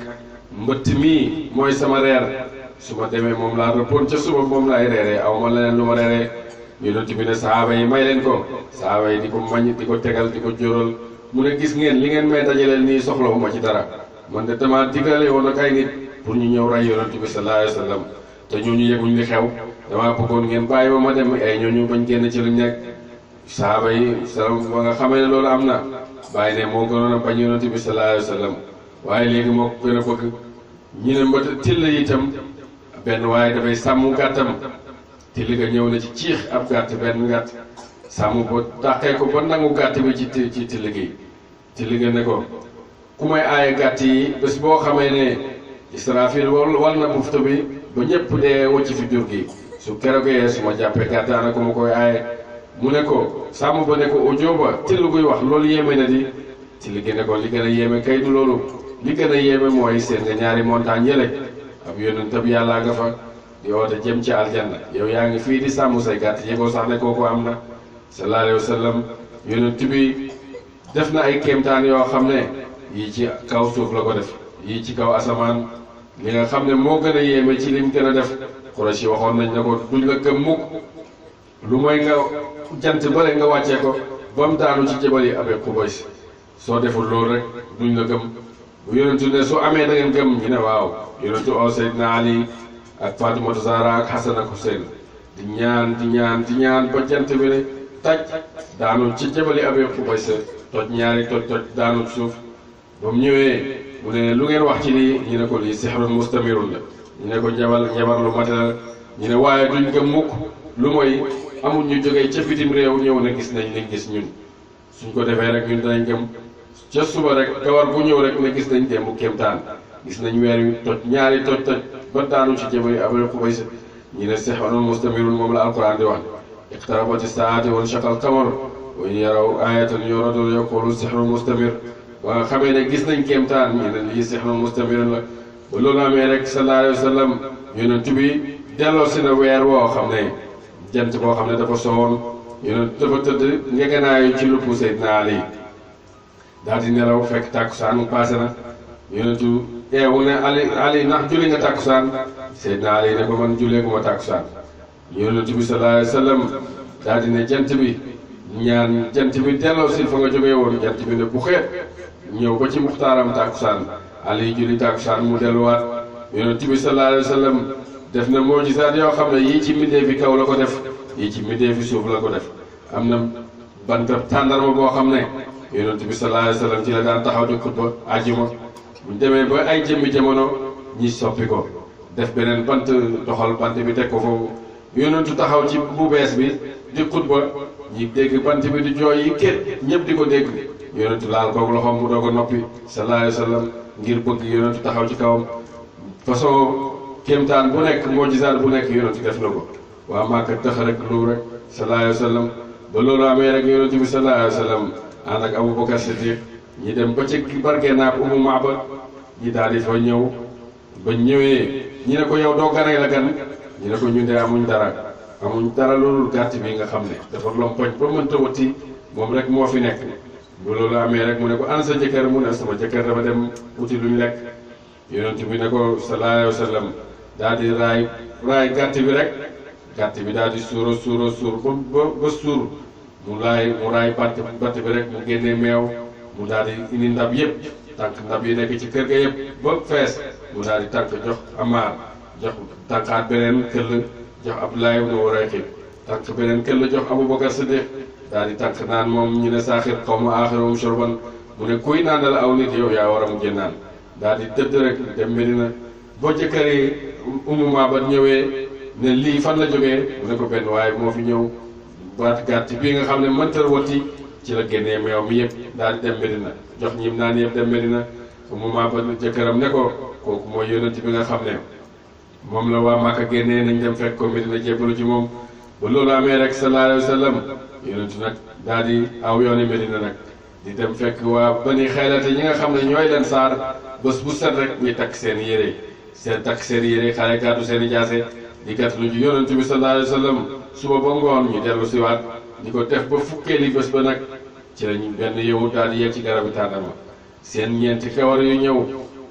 mbëtt mii mooy sama reer su ma demee moom laa rëppoon ca suba moom laay reeree aw ma leneen lu ma reeree yonent bi ne sahaaba yi may leen ko sahaaba yi di ko mañ di ko tegal di ko jóral mu ne gis ngeen li ngeen may dajaleel nii soxlawuma ci dara man de dama digale woon ak ay pour ñu ñëw rey yonent bi sallallahu alayhi wa sallam te ñooñu yëguñ li xew dama bàyyi ba ma dem ay ñooñu bañ génn ci lu nekk sahaaba yi sa ba nga xamee ne loolu am na bàyyi ne moo gënoon a bañ yonent bi sallallahu alayhi wa sallam waaye léegi moo ko gën a bëgg ñu ne mbët till itam benn waaye dafay sàmm gàttam till ga ñëw na ci ciix ab gàtt benn gàtt sàmm ba dàqee ko ba nangu gàtt bi ci ci till gi till ga ne ko ku may aaye gàtt yi bés boo xamee ne Israafil wal wal na buftu bi ba ñëpp dee wacc fi jur gi su keroogee su ma jàppee gàtt daana ko ma koy aaye mu ne ko sàmm ba ne ko ojooba till guy wax loolu yéeme na di till gi ne ko li gën a yéeme kay du loolu li gën a yéeme mooy seen nga ñaari montagne yële ab yonent ab yàllaa nga fa yow te jëm ci aljanna yow yaa ngi fii di sàmm say gàtt yëgoo sax ne kooku am na sallallahu alayhi wa sallam yonent bi def na ay kéemtaan yoo xam ne yi ci kaw suuf la ko def yii ci kaw asamaan li nga xam ne moo gën a yéeme ci lim gën a def Quraysh si waxoon nañ ne ko duñ la gëm mukk lu mooy nga jant bare nga wàccee ko ba mu daanu ci jëbal yi amee Qubays soo deful loolu rek duñ la gëm bu ne su amee da ngeen gëm ñu ne waaw yonentu oo Seydina Ali ak Fatimata Zahra ak Xasan ak Hussein di ñaan di ñaan di ñaan ba bi ne taj daanu ci jabali abee xubaysa toj ñaari toj toj daanu suuf ba mu ñëwee mu ne lu ngeen wax ci lii ñu ne ko lii sixrun mustamirun la ñu ne ko ñabal ñabar lu mate ñu ne waaye duñ ko mukk lu mooy amul ñu jógee ca bitim réew ñëw na gis nañ liñ gis ñun suñ ko defee rek ñun danañ gëm ca suba rek kawar bu ñëw rek ne gis nañ démb kéemtaan gis nañ weer toj ñaari toj toj ba daanu ci jabari abal xubaysa ñi a sexoon mustamirun moom la alquran di wax iqtarabati saati wan shaqal qamar wa yaraw ayatan yuradun yaqulu sexrun mustamir waa xamee ne gis nañ kéemtaan ñi ne lii sexrun mustamirun la ba loolu amee rek sallallahu alayhi wa sallam yonent bi delloo si na weer woo xam ne jant boo xam ne dafa soowoon yonent ci lupp Seydina Ali daal di nelaw fekk tàkkusaan paase na yonentu teewu ne ali ali ndax julli nga tàkkusaan seydna ali ne ko man jullee tàkkusaan yonent bi sallallahu alayhi wasallam jant bi ñaan jant bi delloo si fa nga jógee woon jant bi ne bu xeet ñëw ba ci muxtaaram tàkkusaan ali julli tàkkusaan mu delluwaat yonent bi sallallahu alayhi wasallam def na moojisaat yoo xam ne yii ci middee fi kaw la ko def yii ci middee fi suuf la ko def am na banta tàndarma boo xam ne yonent bi sallallahu alayhi ci la daan taxaw di xutba bu demee ba ay jëmmi jamono ñi soppi ko def beneen bant doxal bant bi teg ko foofu yonentu taxaw ci bu bees bi di xutba ñi dégg bant bi di jooy yi kër ñëpp di ko dégg yonentu laal koog loxoom mu doog a noppi sallallahu alayhi wa sallam ngir bëgg yonentu taxaw ci kawam façon kéemtaan bu nekk mujjizaat bu nekk yonentu def na ko waa Màkka tax rek lu rek sallallahu alayhi ba loolu amee rek yonentu bi sallallahu alayhi wa sallam ànd ak Abubakar Siddiq ñi dem ba ci barke ñi daal di fa ñëw ba ñëwee ñi ne ko yow doo ganay la gan ñi ne ko ñu de amuñ dara amuñ dara loolu gàtt bi nga xam ne dafa lompoñ ba mënta wati moom rek moo fi nekk bu loolu amee rek mu ne ko an jëkkër mu ne sama jëkkër dafa dem uti luñ lekk yonent bi ne ko sallallahu alayhi wa sallam daal di raay raay gàtt bi rek gàtt bi daal di suura suura suur ba ba ba suur mu laay mu raay bàtt bi rek mu génnee meew mu daal di indi ndab yépp tànk ndab yi nekk ci kër ga yëpp ba fees mu daal di tànk jox amaar jox tànkaat beneen këll jox Abdoulaye ibn Urayqi tànk beneen këll jox Aboubacar Siddiq daal di tànk naan moom ñu ne saaxir xaw ma aaxirum shurban mu ne kuy naandal aw nit yow yaa war a mujjee naan daal di dëdd rek dem Medina boo jëkkër yi umuma ba ñëwee ne lii fan la jógee mu ne ko benn waaye moo fi ñëw baat gàtt bii nga xam ne mëntar wati ci la génnee meew mi yëpp daal di dem Medina jox ñim naan yëpp dem Medina su mu maa ba jëkkëram ne ko kooku mooy yonent bi nga xam ne moom la waa Màkka génnee nañ dem fekk ko na jébbalu ci moom ba loolu amee rek sallallahu alayhi wa sallam daal di aw yooni Medina nag di dem fekk waa bani xeelate ñi nga xam ne ñooy leen saar bés bu set rek ñuy takk seen yére seen takk seen yére xale gàddu seen jaase di gàtt lu ci yonent bi sallallahu alayhi wa sallam suba ba ngoon ñu dellu siwaat di ko def ba fukkee li bés ba nag ci lañu benn yow daal di yegg ci garabu seen ñeenti xewar yu ñëw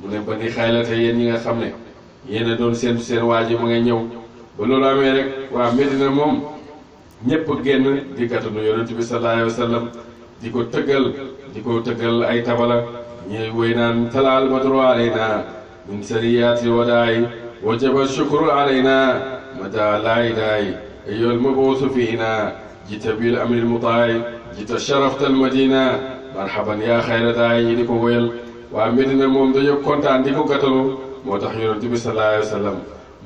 mu ne ba ni xaylate yéen ñi nga xam ne yéen a doon seen seen waa ji ma nga ñëw ba loolu amee rek waa Medina moom ñëpp génn di gàttanu yonent bi sallallahu alayhi wa sallam di ko tëggal di ko tëggal ay tabala ñuy woy naan talaal badru alayna min sariyaati wadaay wajaba shukru alayna mada laayi daay ayyuhal mabuusu fiina jita bil amril mutaay jita sharaftal madina marhaban yaa xayra daay yi di ko woyal waa Medina moom dañoo kontaan di ko moo tax yonent bi sallallahu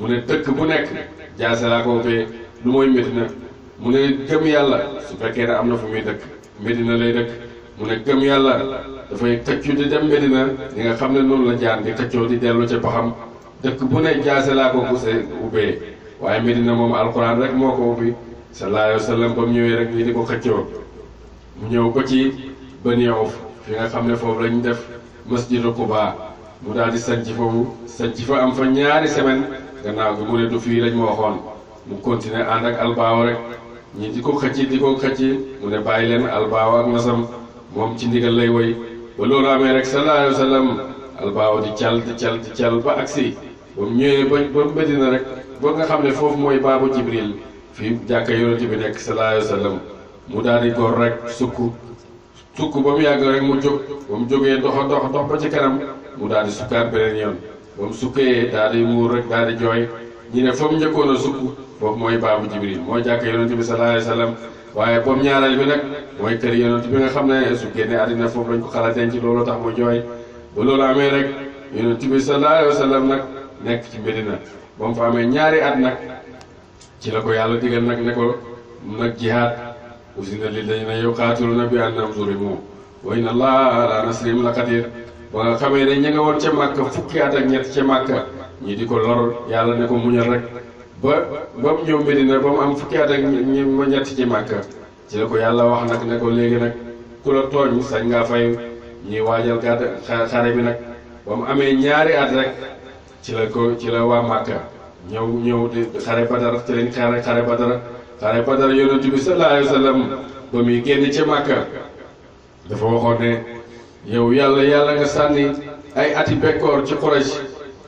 alayhi dëkk bu nekk jaase laa ko ubbee lu mooy Medina mu yàlla su fekkee ne am na fu muy dëkk Medina lay dëkk mu yàlla dafay tëccu di dem Medina nga xam ne noonu la jaan di tëccoo di dellu dëkk bu ne jaase laa ko gusee ubbee waaye Medina moom alquran rek moo ko ubbi sallallahu alayhi wa sallam ba mu ñëwee rek ñi di ko xëccoo. mu ñëw ba ci Bani Awf fi nga xam ne foofu lañ def masjidu Quba mu daal di sanc foofu sanc fa am fa ñaari semaine gannaaw bi mu ne du fii lañ ma waxoon mu continuer ànd ak albaaw rek ñi di ko xëcc di ko xëcc mu ne bàyyi leen albaaw ak nasam moom ci ndigal lay woy ba loolu amee rek sallallahu alayhi wa di cal di cal di cal ba agsi si mu ñëwee ba ba Medina rek boo nga xam ne foofu mooy baabu Jibril fii jàkka yonent bi nekk sallallahu alayhi mu daal di rek sukk sukk ba mu yàgg rek mu jóg ba mu jógee dox dox dox ba ci kanam mu daal di sukkaat beneen yoon ba mu sukkee daal muur rek daal jooy ñu ne fa mu njëkkoon a sukk foofu mooy baabu jibril mooy jàkk yonent bi sallallahu alayhi wa sallam waaye boobu xam ne su àddina foofu lañ ko xalaat denc loolu tax ba amee rek yonent bi sallallahu nag nekk ci Medina ba mu fa amee ñaari at nag ci la ko yàlla digal nag ne ko nag jihaad usina lilladina yuqaatiluna bi annahum zulimu wa inna allaha ala nasrihim la qadir ba nga xamee ne ña nga woon ca màkka fukki at ak ñett ca màkka ñi di ko lor yàlla ne ko muñal rek ba ba mu ñëw Medina ba mu am fukki at ci màkka ci yàlla wax nag ne léegi nag ku la tooñ sañ ngaa fay ñuy waajal gàdd bi nag ba mu amee ñaari at rek ci la ko ci la waa màkka ñëw ñëw di xare Badar ci lañ xare xare Badar xare badar yonent bi sallallahu alayhi wa sallam ba muy génn ci màkka dafa waxoon ne yow yàlla yàlla nga sànni ay ati bekkoor ci Quraysh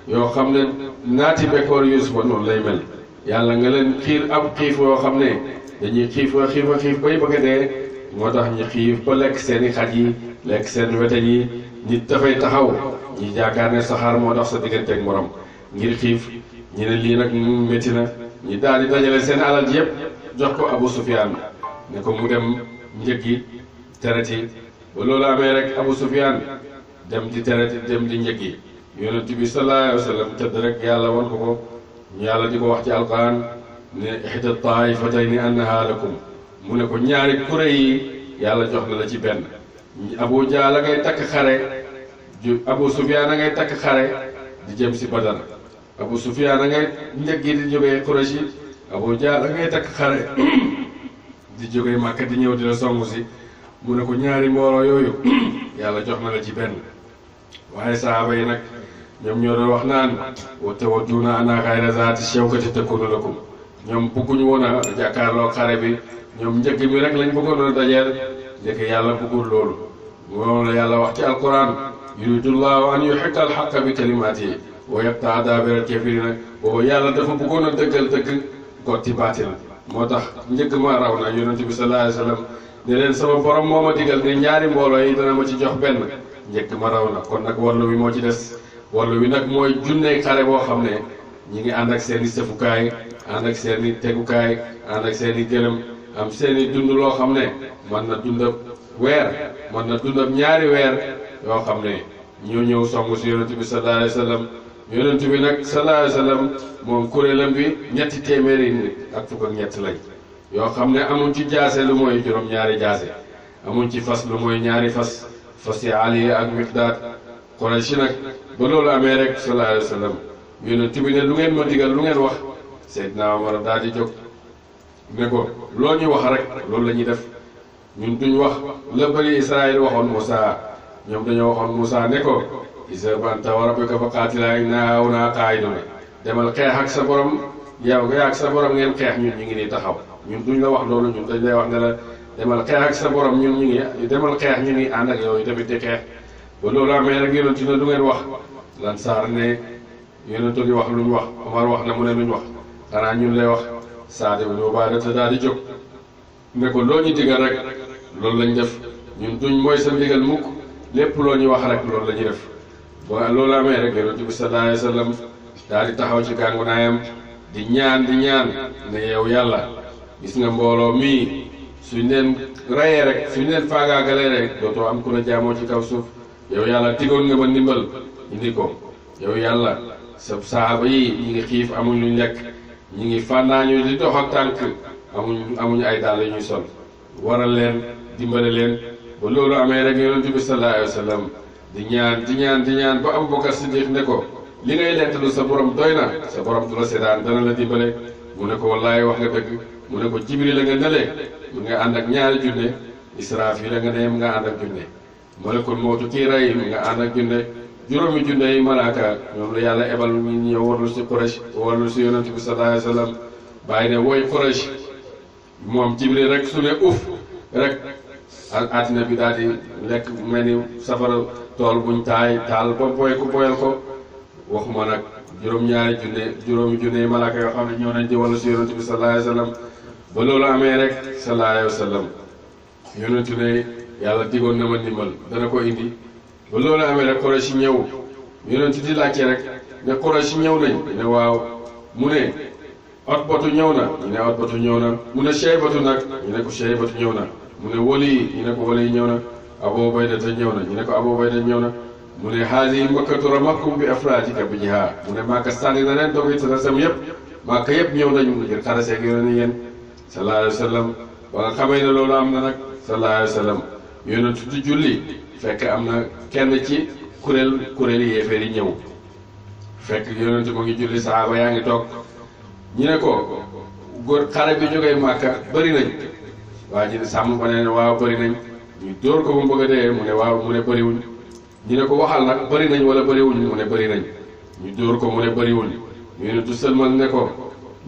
yoo xam ne naati bekkoor Yuusufa noonu lay mel yàlla nga leen xiir ab xiif yoo xam ne dañuy xiif a xiif a xiif bay bëgg dee moo tax ñu xiif ba lekk seeni xaj yi lekk seen wete yi nit dafay taxaw ñi jaakaar ne saxaar moo dox sa digganteeg morom ngir xiif ñu ne lii nag métti na ñu daal di dajale seen alal yépp jox ko Abu Sufyaan ne ko mu dem njëggi tereti ba laa amee rek Abu Sufyaan dem di tereti dem di njëggi yonent bi sallallahu alayhi wa sallam rek yàlla wan ko ko ñu yàlla di ko wax ci yi ne ihda taifatayni annaha lakum mu ne ko ñaari kuré yi yàlla jox na la ci benn Abu Jahl a ngay takk xare ju Abu Sufyaan a ngay takk xare di jëm si Abu Sufyaan a ngay njëggi di jógee Quraysh Abu Jahl la ngay takk xare di jóge Màkka di ñëw di la songu si mu ne ko ñaari mbooloo yooyu yàlla jox na la ci benn waaye sahaaba yi nag ñoom ñoo doon wax naan wa tawadduuna anna xayra zaati shawkati takunu lakum ñoom bëgguñu woon a jàkkaarloo xare bi ñoom njëg mi rek lañ bëggoon a dajeel njëkk yàlla bëggul loolu moom la yàlla wax ci alquran yuridullahu an yuhiqqa alxaqa bi kalimaatihi wa yaqta'a daabira alkafirina boobu yàlla dafa bëggoon dëgg gotti baatin moo tax njëkk ma raw na yonent bi sallallahu alayhi wa sallam ne leen sama borom moo ma digal ne ñaari mbooloo yi dana ma ci jox benn njëkk ma raw na kon nag wallu wi moo ci des wallu wi nag mooy junneeg xale boo xam ne ñi ngi ànd ak seen i sëfukaay ànd ak seen i tegukaay ànd ak seen i am seeni i dund loo xam ne mën na dundab weer mën na dundab ñaari weer yoo xam ne ñoo ñëw song si yonent bi sallallahu alayhi yonent bi nag sallallahu alayhi wa sallam moom kuréelam bi ñetti téeméeri nit ak fukk ak ñett lañ yoo xam ne amuñ ci jaase lu mooy juróom-ñaari jaase amuñ ci fas lu mooy ñaari fas fas yi aliya ak miqdaad Quraysh nag ba loolu amee rek sallallahu alayhi wa sallam yonent bi ne lu ngeen ma digal lu ngeen wax Seydina Omar daal di jóg ne ko loo ñuy wax rek loolu la def ñun duñ wax la bari Israël waxoon Moussa ñoom dañoo waxoon Moussa ne ko isabanta wa rabbika fa qaatilaa innaa hunaa qaa'iduun demal xeex ak sa borom yow yaa ak sa borom ngeen xeex ñun ñu ngi nii taxaw ñun duñ la wax loolu ñun dañ ne la demal xeex ak sa borom ñu ngi demal xeex ñu ak yow tamit di xeex ba loolu amee rek yonent lu ngeen wax lan saar ne yonent gi wax luñ wax Omar wax na mu ne luñ wax xanaa ñun lay wax Saad ibn Ubaada daal di jóg ne ko loo ñu digal rek loolu lañ def ñun duñ mooy sa ndigal mukk lépp loo ñu wax rek loolu la ñuy def. waaw loolu amee rek yonent bi sallallahu alayhi wasallam daal di taxaw ci gàngunaayam di ñaan di ñaan ne yow yàlla gis nga mbooloo mii suñ leen rayee rek suñ leen faagaagalee rek dootoo am ku la jaamoo ci kaw suuf yow yàlla tigoon nga ma ndimbal indi ko yow yàlla sa saaba yi ñi ngi xiif amuñ luñ lekk ñi ngi fànnaañu di dox ak tànk amuñ amuñu ay dàll ñuy sol waral leen dimbale leen ba loolu amee rek yonent bi sallallahu alayhi wasallam di ñaan di ñaan di ñaan ba Abubakar Siddiq ne ko li ngay lettalu sa borom doy na sa borom du la seddaan dana la dimbale mu ne ko wallaay wax nga dëgg mu ne ko Jibril la nga nële mu nga ànd ak ñaari junne Israafil la nga ne mu nga ànd ak junne malakul mawtu kii rey mu nga ànd ak junne juróomi junne yi malaaka ñoom la yàlla ebal ñu ñëw warlu si Quraysh warlu si yonent bi sallallahu alayhi wa sallam bàyyi ne woy Quraysh moom Jibril rek su ne uf rek bi daal di tool buñ taay taal ko booy ko boyal ko waxuma nag juróom-ñaari junne juróomi junne malaaka yoo xam ne ñëw nañ ci si yonent bi sallallahu alayhi ba loolu amee rek sallallahu alayhi wa sallam yonent yàlla digoon na ma ndimbal dana ko indi ba loolu amee rek Quraysh ñëw yonent di laajte rek ne Quraysh ñëw nañ ne waaw mu ne Utbatu ñëw na ñu ne Utbatu ñëw na mu ne Shaybatu nag ñu ne ko Shaybatu ñëw na mu ne Wali ñu ne ko Wali ñëw na Abu Ubayda te ñëw na ñu ne ko Abu Ubayda ñëw na mu ne haadihi makkatu ramakum bi afraadika biha mu ne màkka sànni na leen doog itam yëpp màkka yëpp ñëw nañu ngir xaraseeg yonent yéen sallallahu alayhi wa sallam wala xamee ne loolu am na nag sallallahu alayhi wa sallam yonent julli fekk am na kenn ci kuréel kuréel yi yéefeer yi ñëw fekk yonent mu ngi julli saxaaba yaa ngi toog ñu ne ko góor xare bi jógee màkka bëri nañ waa ji sàmm ba ne waaw bëri ñu dóor ko ba mu bëgg a dee mu ne waaw mu ne bëriwuñ ñu ne ko waxal nag bëri nañ wala bëriwuñ mu ne bëri nañ ñu dóor ko mu ne bëriwuñ ñu ne du sëlmal ne ko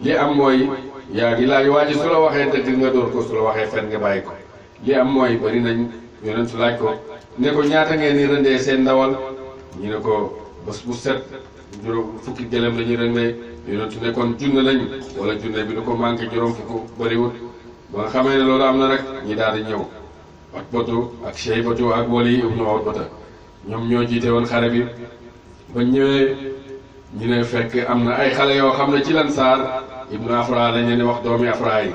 li am mooy yaa ngi laaj waa ji su la waxee dëgg nga dóor ko su la waxee fen nga bàyyi ko li am mooy bëri nañ ne su laaj ko ne ko ñaata ngeen ni rëndee seen ndawal ñu ne ko bés bu set juróom fukki gëlëm la ñuy rëndee yonentu ne kon junne lañu wala junne bi du ko manqué juróom fukk bëriwut ba nga xamee am na rek ñi daal di ñëw Utbatu ak Shaybatu ak Wali ibnu Utbata ñoom ñoo jiite woon xare bi ba ñëwee ñu ne fekk am na ay xale yoo xam ne ci lan saar ibnu Afra lañ leen wax doomi Afra yi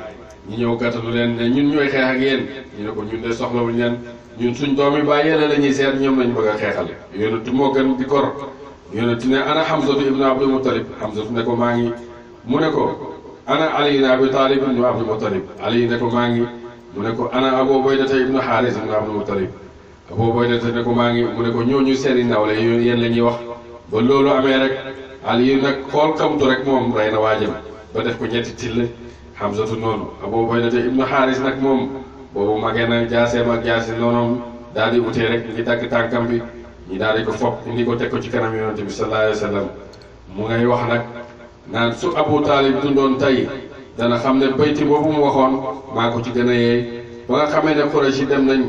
ñu ñëw gàttalu leen ñun ñooy xeex ak yéen ñu ne ko ñun de soxlawuñ leen ñun suñ doomi baay yéen la ñuy seet ñoom lañ bëgg a xeexal yonent moo gën di gor yonent ne ana Hamzatu ibnu Abdul Muttalib Hamzatu ne ko maa ngi mu ne ko ana Ali ibnu Abi Talib ibnu Abdul Muttalib Ali ne ko maa mu ne ko ana Abu Baydata ibnu Xaaris ibnu Abdul Mutalib Abu ko maa ngi mu ne ko ñooñu seeni nawle yéen la ñuy wax ba loolu amee rek Aliyu nag xool xamutu rek moom rey na waajam ba def ko ñetti till Xamsatu noonu Abu Baydata ibnu xaalis nag moom boobu magee na jaaseem ak jaasi noonoom daal di utee rek ngi dagg tànkam bi ñu daal di ko fopp indi ko teg ci kanam yonente bi sallallahu alayhi wa sallam mu ngay wax nag naan su Abu Taalib dundoon tay dana xam ne bayti boobu mu waxoon maa ko ci gën a yeey ba nga xamee ne Quraysh dem nañ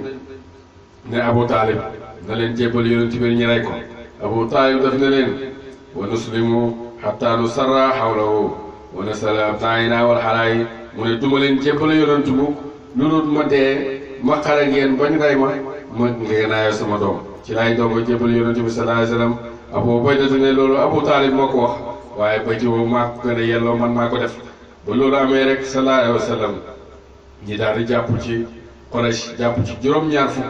ne Abu Taalib na leen jébbal yonent ñu rey ko Abu Taalib daf ne leen wa nuslimu xataa nu sarra xawlawo wa nasala abnaayina wal xalaay mu bu lu dul ma dee ma xare ngeen bañ rey ma ma ngenaayoo sama doom ci laay doom ba jébbal yonent bi sallallahu alayhi wa sallam Abu ne loolu Abu Taalib moo ko wax waaye bayti boobu maa ko gën a yelloo man maa ko def ba loolu amee rek sallallahu alayhi wa ñi daal di jàpp ci Quraysh jàpp ci juróom-ñaar fukk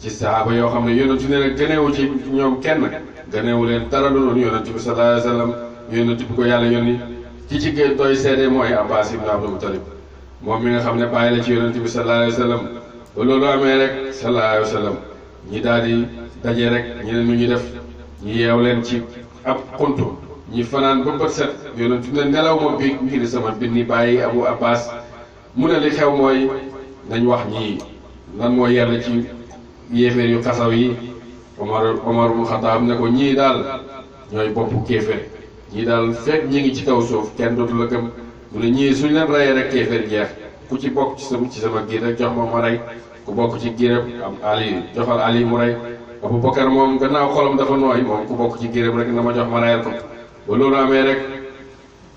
ci sahaaba yoo xam ne yonentu ne rek gëneewu ci ñoom kenn gëneewu leen dara lu doon yonentu bi sallallahu alayhi wa sallam yonentu bi ci ci gën doy seede mooy Abbas ibn moom mi nga xam ne bàyyi ci yonentu bi sallallahu alayhi wa sallam rek sallallahu alayhi ñi daal di daje rek ñeneen ñu ñu def ñu yeew leen ci ab xuntu ñu fanaan ba bët set yonent bi ne nelaw ma biig ngir sama binni bàyyi abu abbas mu ne li xew mooy nañ wax ñii lan moo yàlla ci yéeféer yu xasaw yi omar omar bu xataab ne ko ñii daal ñooy bopp kéeféer ñii daal fekk ñi ci kaw suuf kenn dootu la gëm mu ne ñii suñ leen rayee rek kéeféer jeex ku ci bokk ci sama ci sama giir rek jox ma ma rey ku bokk ci giiram am ali joxal ali mu rey Abu Bakar moom gannaaw xolam dafa nooy moom ku bokk ci giiram rek na ma jox ma ba loolu amee rek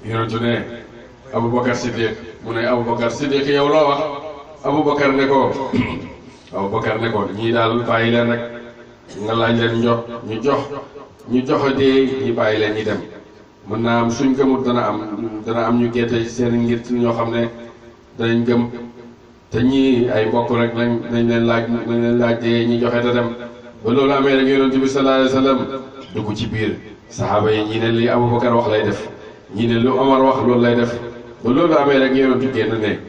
yonentu ne Aboubacar Siddiq mu ne Aboubacar Siddiq yow loo wax Aboubacar ne ko Aboubacar ne ñii daal bàyyi leen rek nga laaj leen ñu jox ñu jox dee ñi bàyyi leen ñi dem mën naa am suñ gëmut dana am dana am ñu gerte seen ngir ñoo xam ne danañ gëm te ñii ay mbokk rek nañ nañ leen laaj nañ leen laaj dee ñi joxe dem ba loolu amee rek yonent bi sallallahu alayhi wa dugg ci biir. saxaaba yi ñii ne li Aboubacar wax lay def ñii ne lu Omar wax loolu lay def ba loolu amee rek yonentu génn ne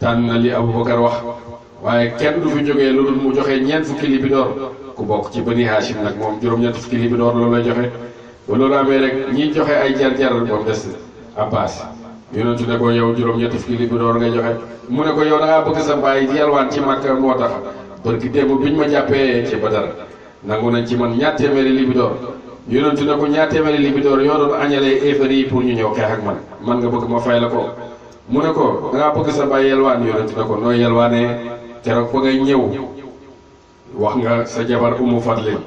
tànn na li Aboubacar wax waaye kenn du fi jógee lu mu joxe ñeent fukki li ku bokk ci Bani Hashim nag moom juróom-ñeent fukki li bi door loolu lay joxe ba loolu amee rek ñiy joxe ay jar-jar ba mu des Abbas yonentu ne ko yow juróom-ñeent li bi door ngay joxe ne ko yow da ngaa bëgg sa bàyyi di ci Makka moo tax barki démb biñ ma jàppee ci Badar nangu nañ ci man ñaar téeméeri li yonent ne ko ñaar téeméeri libidoor ñoo doon añalee éefari yi pour ñu ñëw xeex ak man man nga bëgg ma fay la ko mu ne ko dangaa bëgg sa bàyyi yelwaan yonent ko nooy yelwaanee keroog fa ngay ñëw wax nga sa jabar umu fadlin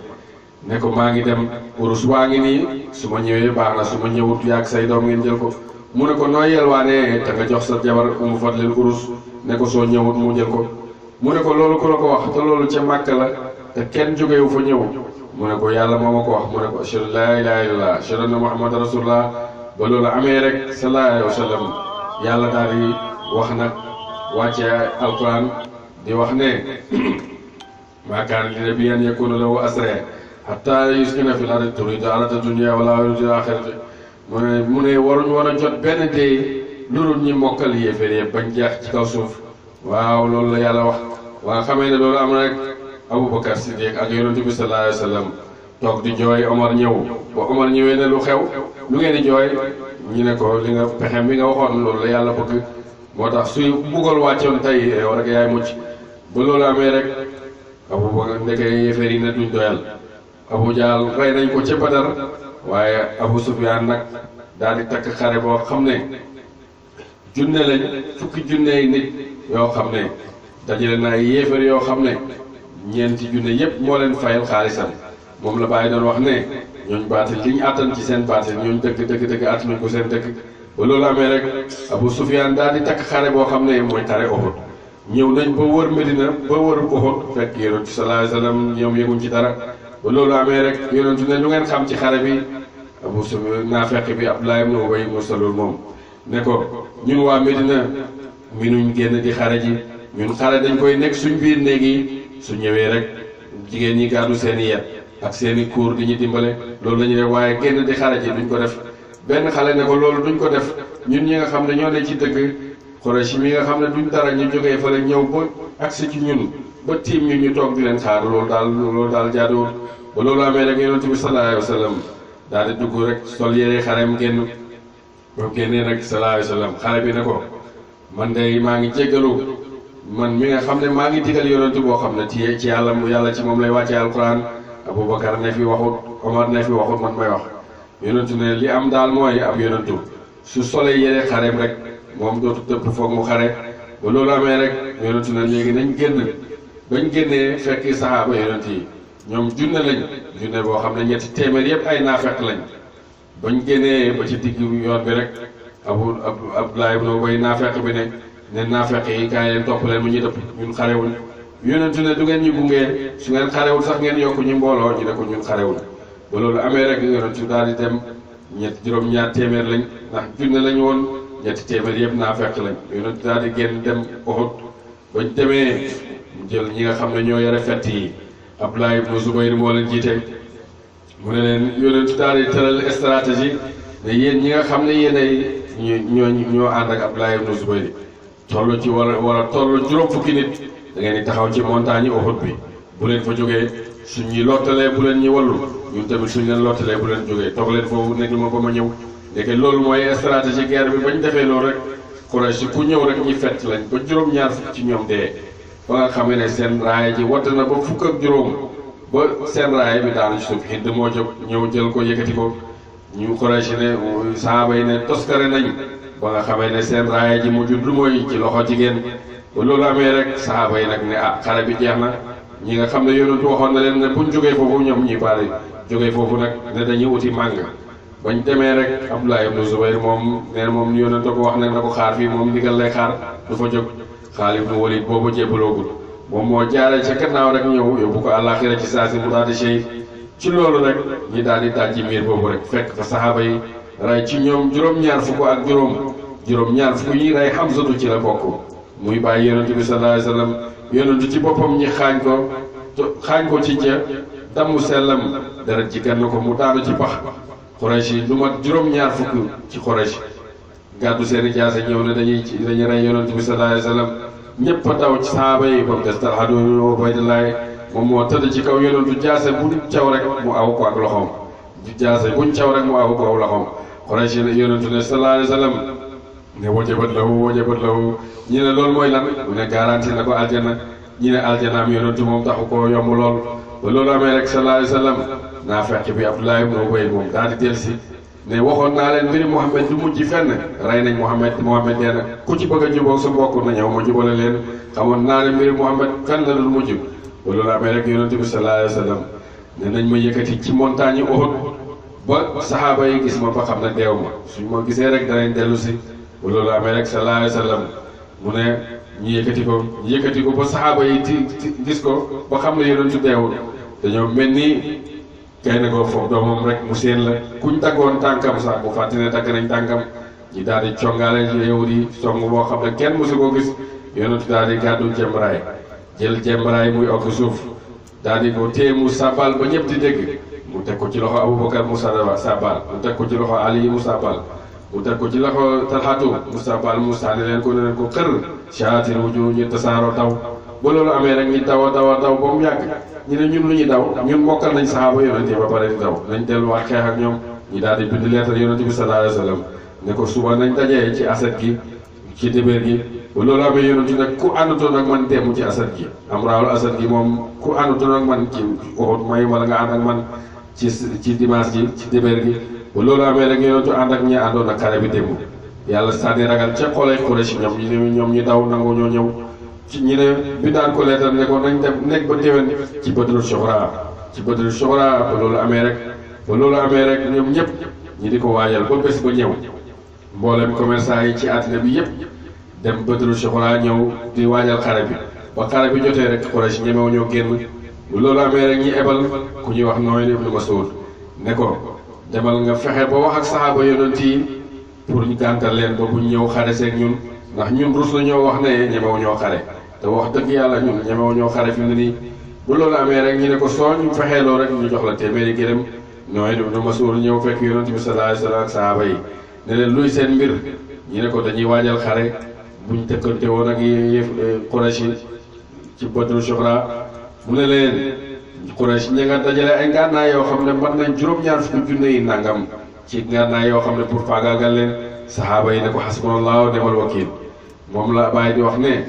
ne ko maa ngi dem urus waa ngi nii su ma ñëwee baax na ñëwut yàgg say doom ngeen jël ko mu ne ko nooy yelwaanee te nga jox sa jabar umu fadlin urus ne ko soo ñëwut mu jël ko mu ne ko loolu ku la ko wax te loolu ca màkk la te kenn jógewu fa ñëw mu ne ko yàlla moo ma ko wax mu ne ko ashhadu laa ilaaha illallah ashhadu anna muhammadan rasulullah ba loolu amee rek sallallahu yàlla di wax nag wàcce alquran wax ne maa kaana li nabiyyin an yakuuna lahu asraa yuskina fil ardi yuriidu hayaata dunya wa laa yuriidu aaxirata mu ne mu ne waruñu war a jot benn dee loolu ñi mokkal yéeféer bañ jeex ci kaw suuf waaw wax waa xamee ne loolu Aboubacar Siddiq ak yonent bi sallallahu alayhi wa sallam toog di jooy Omar ñëw ba Omar ñëwee ne lu xew lu ngeen di jooy ñu ne ko li nga pexe mi nga waxoon loolu la yàlla bëgg moo tax suy buggal wàccoon tey yow rek yaay mucc ba loolu amee rek Aboubacar ndekee yéefar yi ne duñ doyal Abou Jaal rey nañ ko ca Badar waaye abu Soufiane nag daal di takk xare boo xam ne junne lañ fukki junne yi nit yoo xam ne dajale na ay yoo xam ne. ñeenti junne yépp moo leen fayal xaalisam moom la bàyyi doon wax ne ñooñ baatil li ñu àttan ci seen baatil ñooñ dëgg dëgg dëgg àttanuñ ko seen dëgg ba loolu amee rek Abu Sufyaan daal di takk xare boo xam ne mooy xare Uhud ñëw nañ ba wër Medina ba wër Uhud fekk yonent sallallahu alayhi ne lu ngeen xam ci xare bi Abu Sufyaan naafeq bi Abdullah ibn Ubay ibn Salul moom ne ko ñun waa Medina mi nuñ génn di xare ji ñun xare dañ koy nekk suñ biir néeg yi su ñëwee rek jigéen ñi gàddu seen i yet ak seen kuur di ñu dimbale loolu la ñu waaye génn di xare ji duñ ko def benn xale ne ko loolu duñ ko def ñun ñi nga xam ne ñoo ne ci dëgg Quraysh mi nga xam ne duñ dara ñu jógee fa ñëw ba agsi ci ñun ba tiim ñu ñu toog di leen xaar loolu daal loolu daal jaaduwul ba loolu amee rek yonent bi sallallahu alayhi daal di dugg rek sol yére xareem génn ba génnee nag sallallahu alayhi xale bi ne ko man de maa ngi jéggalu man mi nga xam ne maa ngi digal yonent boo xam ne ci ci yàlla mu yàlla ci moom lay wàccee alquran Aboubacar ne fi waxut Omar ne fi waxut man may wax yonent ne li am daal mooy am yonentu su solee yére xareem rek moom dootu tëpp foog mu xare ba loolu amee rek yonentu na léegi nañ génn bañ génnee fekk saxaaba yonent yi ñoom junne lañ junne boo xam ne ñetti téeméer yëpp ay naafeq lañ bañ génnee ba ci digg yoon bi rek abu ab Abdoulaye ibn Ubay naafeq ne naafeq yi kaay leen topp leen mu ñu dëpp ñun xarewul yonentu ne du ngeen ñu gungee su ngeen xarewul sax ngeen yokk ñu mbooloo ñu ne ko ñun xarewul ba loolu amee rek yonentu daal di dem ñett juróom-ñaar téeméer lañ ndax junne lañ woon ñetti téeméer yëpp naafeq lañ yonentu daal di génn dem Uhud bañ demee mu jël ñi nga xam ne ñoo yore fett yi Abdoulaye ibnu Zubayr moo leen jiite mu ne leen yonentu daal di tëral stratégie ne ñi nga xam ne yéen ay ñoo ñoo ànd ak Abdoulaye ibnu Zubayr toll ci wala wala toll juróom fukki nit da taxaw ci montagne Uhud bi bu leen fa jógee suñ ñi lottalee bu leen ñi wallu ñu tamit suñ leen lottalee bu leen jógee toog leen foofu nekk ma ba ma ñëw ndeke loolu mooy stratégie guerre bi ñu defee loolu rek Quraysh ku ñëw rek ñi fett lañ ba juróom-ñaar fukk ci ñoom dee ba nga xamee ne seen raaya ji watt na ba fukk ak juróom ba seen raaya bi daanu ci suuf moo jóg ñëw jël ko yëkkati ko ñu Quraysh ne yi ne toskare nañ ba nga xamee ne seen raaya ji mu judd mooy ci loxo jigéen ba loolu amee rek saxaaba yi nag ne ah xare bi jeex na ñi nga xam ne yonentu waxoon na leen ne buñ jógee foofu ñoom ñi bari jógee foofu nag ne dañuy wuti màng bañ demee rek Abdoulaye ibnu Zubayr moom neen moom yonente ko wax ne na ko xaar fii moom ndigal lay xaar du fa jóg Xaalid ibnu Walid boobu jébbaloogul moom moo jaaree ca gannaaw rek ñëw bu ko àllaaxira ci saa si mu daal di ci loolu rek ñi daal di daal ci miir boobu rek fekk fa saxaaba yi ray ci ñoom juróom-ñaar fukk ak juróom juróom-ñaar fukk yi ray Hamzatu ci la bokk muy bàyyi yonentu bi sallallahu alayhi wa ci boppam ñi xaañ ko xaañ ko ci ja damu sellam deret ji gann ko mu daanu ci pax Quraysh yi lu juróom-ñaar fukk ci Quraysh gàddu seeni jaase ñëw ne dañuy dañuy rey yonentu bi sallallahu alayhi wa ñëpp a taw ci saaba yi ba mu des Talha doon Ubaydullah moom moo tëdd ci kaw yonentu jaase bu di caw rek mu aw ko ak loxoom di jaase buñ caw rek mu waaw ko aw loxoom Quraysh ne yonentu ne sallallahu alayhi wa sallam ne wajabat lahu wajabat lahu ñi ne loolu mooy lan mu ne garanti na ko aljana ñi ne am yonentu moom taxu koo yomb lool ba loolu amee rek sallallahu alayhi wa sallam naa fekk bi Abdullah ibn Ubay moom daal di delsi ne waxoon naa leen mbiri Mouhamed du mujj fenn rey nañ Mouhamed Mouhamed nee ku ci bëgg a jubóog sa mbokk na ñëw ma jubale leen xamoon naa leen mbiri Mouhamed kan la dul mujj ba loolu amee ne nañ ma yëkkati ci montagne Uhud ba saxaaba yi gis ma ba xam ne deew ma suñ ma gisee rek danañ dellu si amee rek sallallahu alayhi wa sallam mu ne ñu ko ba saxaaba yi ti gis ko ba xam ne yonentu deewul dañoo mel ni kay na ko foofu doomam rek mu seen la kuñ daggoon tànkam sax bu fàtte ne dagg nañ tànkam ñu daal di congaale yow di song boo xam ne kenn mosu koo gis yonentu daal di gàddu jembaraay jël jembaraay muy okk suuf daal di ko téye mu sàbbaal ba ñëpp di dégg mu teg ko ci loxo Aboubacar mu sàbbaal mu teg ko ci loxo Ali mu sàbbaal mu teg ko ci loxo Talxatu mu sàbbaal mu ko ne ko xër chaatir wu ñu ñu tasaaroo daw ba loolu amee rek ñu daw a daw a daw ba mu yàgg ñu ne ñun lu ñuy daw ñun mokkal nañ saxaaba yonent yi ba pare di daw nañ delluwaat xeex ak ñoom ñu daal di bind leetar yonent bi sallallahu alayhi wa ne ko suba nañ dajee ci aset gi ci débéer gi ba loolu amee yonent bi nag ku àndutoon ak man teemu ci asad gi am raawul asad gi moom ku àndutoon ak man ci Uhud may wala nga ànd ak man ci ci dimanche ji ci dibéer gi ba loolu amee rek yonentu ànd ak ñi àndoon ak xare bi démb yàlla sànni ragal ca xolay Quraysh ñoom ñu ne ñoom ñu daw nangu ñoo ñëw ci ñu ne bi daan ko leetal ne ko nañ def nekk ba déwén ci Badru Sughra ci Badru Sughra ba loolu amee rek ba loolu amee rek ñoom ñëpp ñu di ko waajal ba bés ba ñëw mboolem yi ci àddina bi yëpp dem Badru si xoolaa ñëw di waajal xare bi ba xare bi jotee rek Quraysh ñemew ñoo génn bu loolu amee rek ñu ebal ku ñuy wax nooy ibnu Mas'ud ne ko demal nga fexe ba ak saxaaba yonent yi pour ñu gàntal leen ba bu ñëw xare ñun ndax ñun rus na ñoo wax ne ñemew ñoo xare te wax dëgg yàlla ñun ñemew ñoo xare fi mu nii bu loolu amee rek ñu ne ko soo ñu fexeeloo rek ñu jox la téeméeri gërëm nooy ibnu Mas'ud ñëw fekk yonent bi sallallahu alayhi wa sallam ak saxaaba yi ne leen luy seen mbir ñu ne ko dañuy waajal xare buñ tëkkante woon ak yëf Quraysh yi ci Badru Suxra mu ne leen Quraysh ña nga dajale ay ngànnaay yoo xam ne mën nañ juróom-ñaar fukki junne yi nangam ci ngànnaay yoo xam ne pour faagaagal leen saxaaba yi ne ko xasbunallahu demal wakiil moom la Baye di wax ne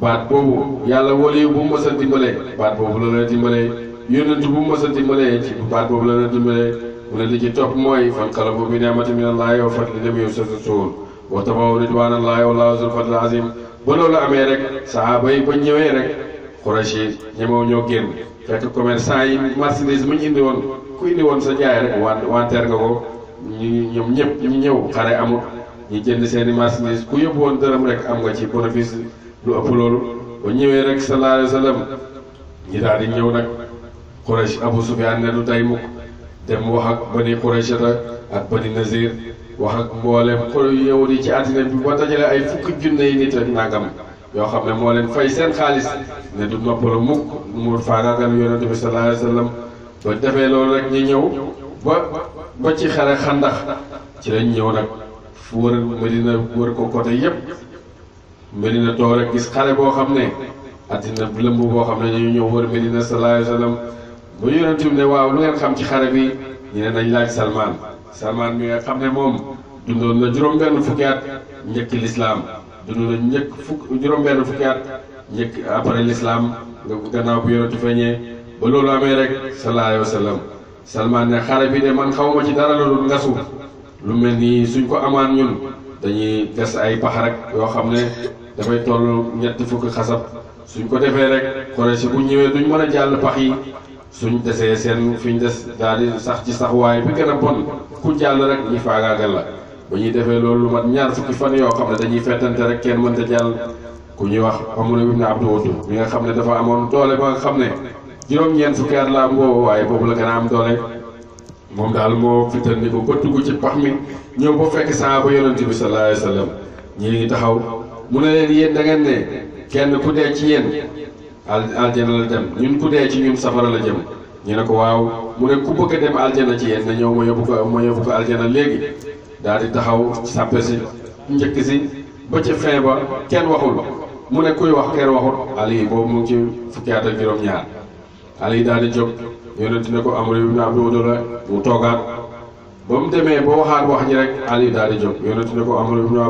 baat boobu yàlla waliyu bu mu mës a dimbalee baat boobu la la dimbalee yónnent bu mu mës a dimbalee ci baat boobu la la dimbalee mu ne li topp mooy fan kala bu bi min allah wa tabaw ridwaanallaahi wallaahu zul fadl azim ba loolu amee rek sahaaba yi ba ñëwee rek Quraysh yi ñemewu ñoo génn fekk commerçant yi marchandise mu ñu indi woon ku indi woon sa jaay rek wan wanteer nga ko ñu ñoom ñëpp ñu ñëw xare amul ñu jënd seen i marchandise ku yóbbu woon dërëm rek am nga ci bénéfice lu ëpp loolu ba ñëwee rek sallallahu alayhi wa sallam ñi daal di ñëw nag Quraysh Abu Sufyaan ne du tey mukk dem wax ak bani Qurayshata ak bani Nazir wax ak mboolem xolu yow di ci àddina bi boo dajale ay fukki junne yi nit ak nangam yoo xam ne moo leen fay seen xaalis ne du noppalu mukk mu faagaagal yonente bi sallallahu alayhi wa loolu rek ñu ñëw ba ba ci xare xandax ci lañ ñëw nag fu wër Medina wër ko côté yépp Medina rek gis xare boo xam ne àddina lëmb boo xam ne ñu ñëw wër Medina sallallahu alayhi bu yonente ne waaw lu ngeen xam ci xare bi ñu ne nañ laaj Salmaan Salman bi nga xam ne moom dundoon na juróom-benn fukki at njëkk lislaam dund na njëkk fukk juróom-benn fukki at njëkk après lislaam nga gannaaw bu yonatu feeñee ba loolu amee rek sallallahu alayhi wa sallam Salman ne xare bi de man xaw ma ci dara la dul ngasu lu mel nii suñ ko amaan ñun dañuy gas ay pax rek yoo xam ne dafay toll ñetti fukki xasab suñ ko defee rek Quraysh bu ñëwee duñ mën a jàll pax yi. suñ desee seen fi ñu des daal sax ci sax waaye bi gën a bon ku jàll rek ñi faagaagal la bu ñuy defee loolu lu mat ñaar fukki fan yoo xam ne dañuy fettante rek kenn mënta jàll ku ñuy wax Omar ibn Abdul Wadud mi nga xam ne dafa amoon doole ba nga xam ne juróom ñeen fukki at la am boobu waaye boobu la gën a am doole moom daal moo fitandiku ba dugg ci pax mi ñëw ba fekk saaba yonent bi sallallahu alayhi wa sallam ñi ngi taxaw mu ne leen yéen da ngeen ne kenn ku dee ci yéen aljana la dem ñun ku ci ñun safara la jëm ñu ne ko waaw mu ne ku bëgg dem aljana ci yéen nga ñëw ma yóbbu ko ma yóbbu léegi daal di taxaw sàppe njëkk si ba ci fin ba waxul mu ne kuy wax kenn waxut ali boobu mu ngi ci fukki at ak daal di jóg yonent ne ko amul yu abdu udula mu toogaat ba mu demee ba waxaat wax ji rek ali daal di jóg yonent ne ko amri ibn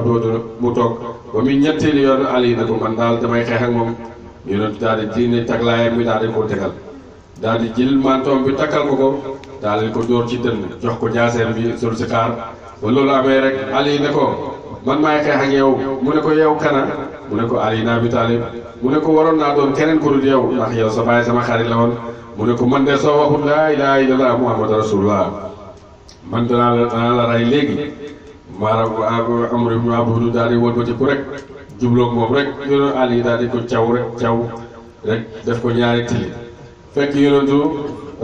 mu toog ba yoon ali ne ko man daal damay xeex moom yonent daal di diine taglaayam bi daal di ko tegal daal di jël mantoom bi takkal ko ko daal di ko dóor ci dënn jox ko jaaseer bi sul si xaar amee rek ali ne ko man maay xeex ak yow mu ne ko yow kana mu ne ko ali na bi taalib mu ne ko waroon naa doon keneen ku dul yow ndax yow sa baay sama xarit la woon mu ne ko man de soo waxul laa ilaaha illallaah muhammad rasulullah man danaa la danaa la rey léegi maanaam amri ibnu abudu daal di wëlbatiku rek jubloog moom rek yonent àll caw rek caw rek def ko tili fekk yonentu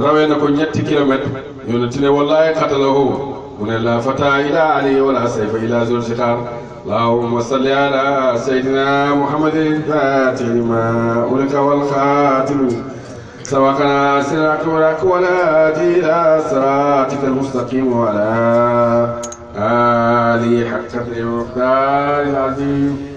rawee na ko ñetti kilomètre yonentu ne wallaahi xatalahu mu ne la fata ila ali wala sayfa ila zul siqaar allahumma salli ala sayyidina muhammadin fati lima ulika wal xaatimi سبقنا سراك وراك ولا إلى صراطك المستقيم ولا آلي حق المختار العظيم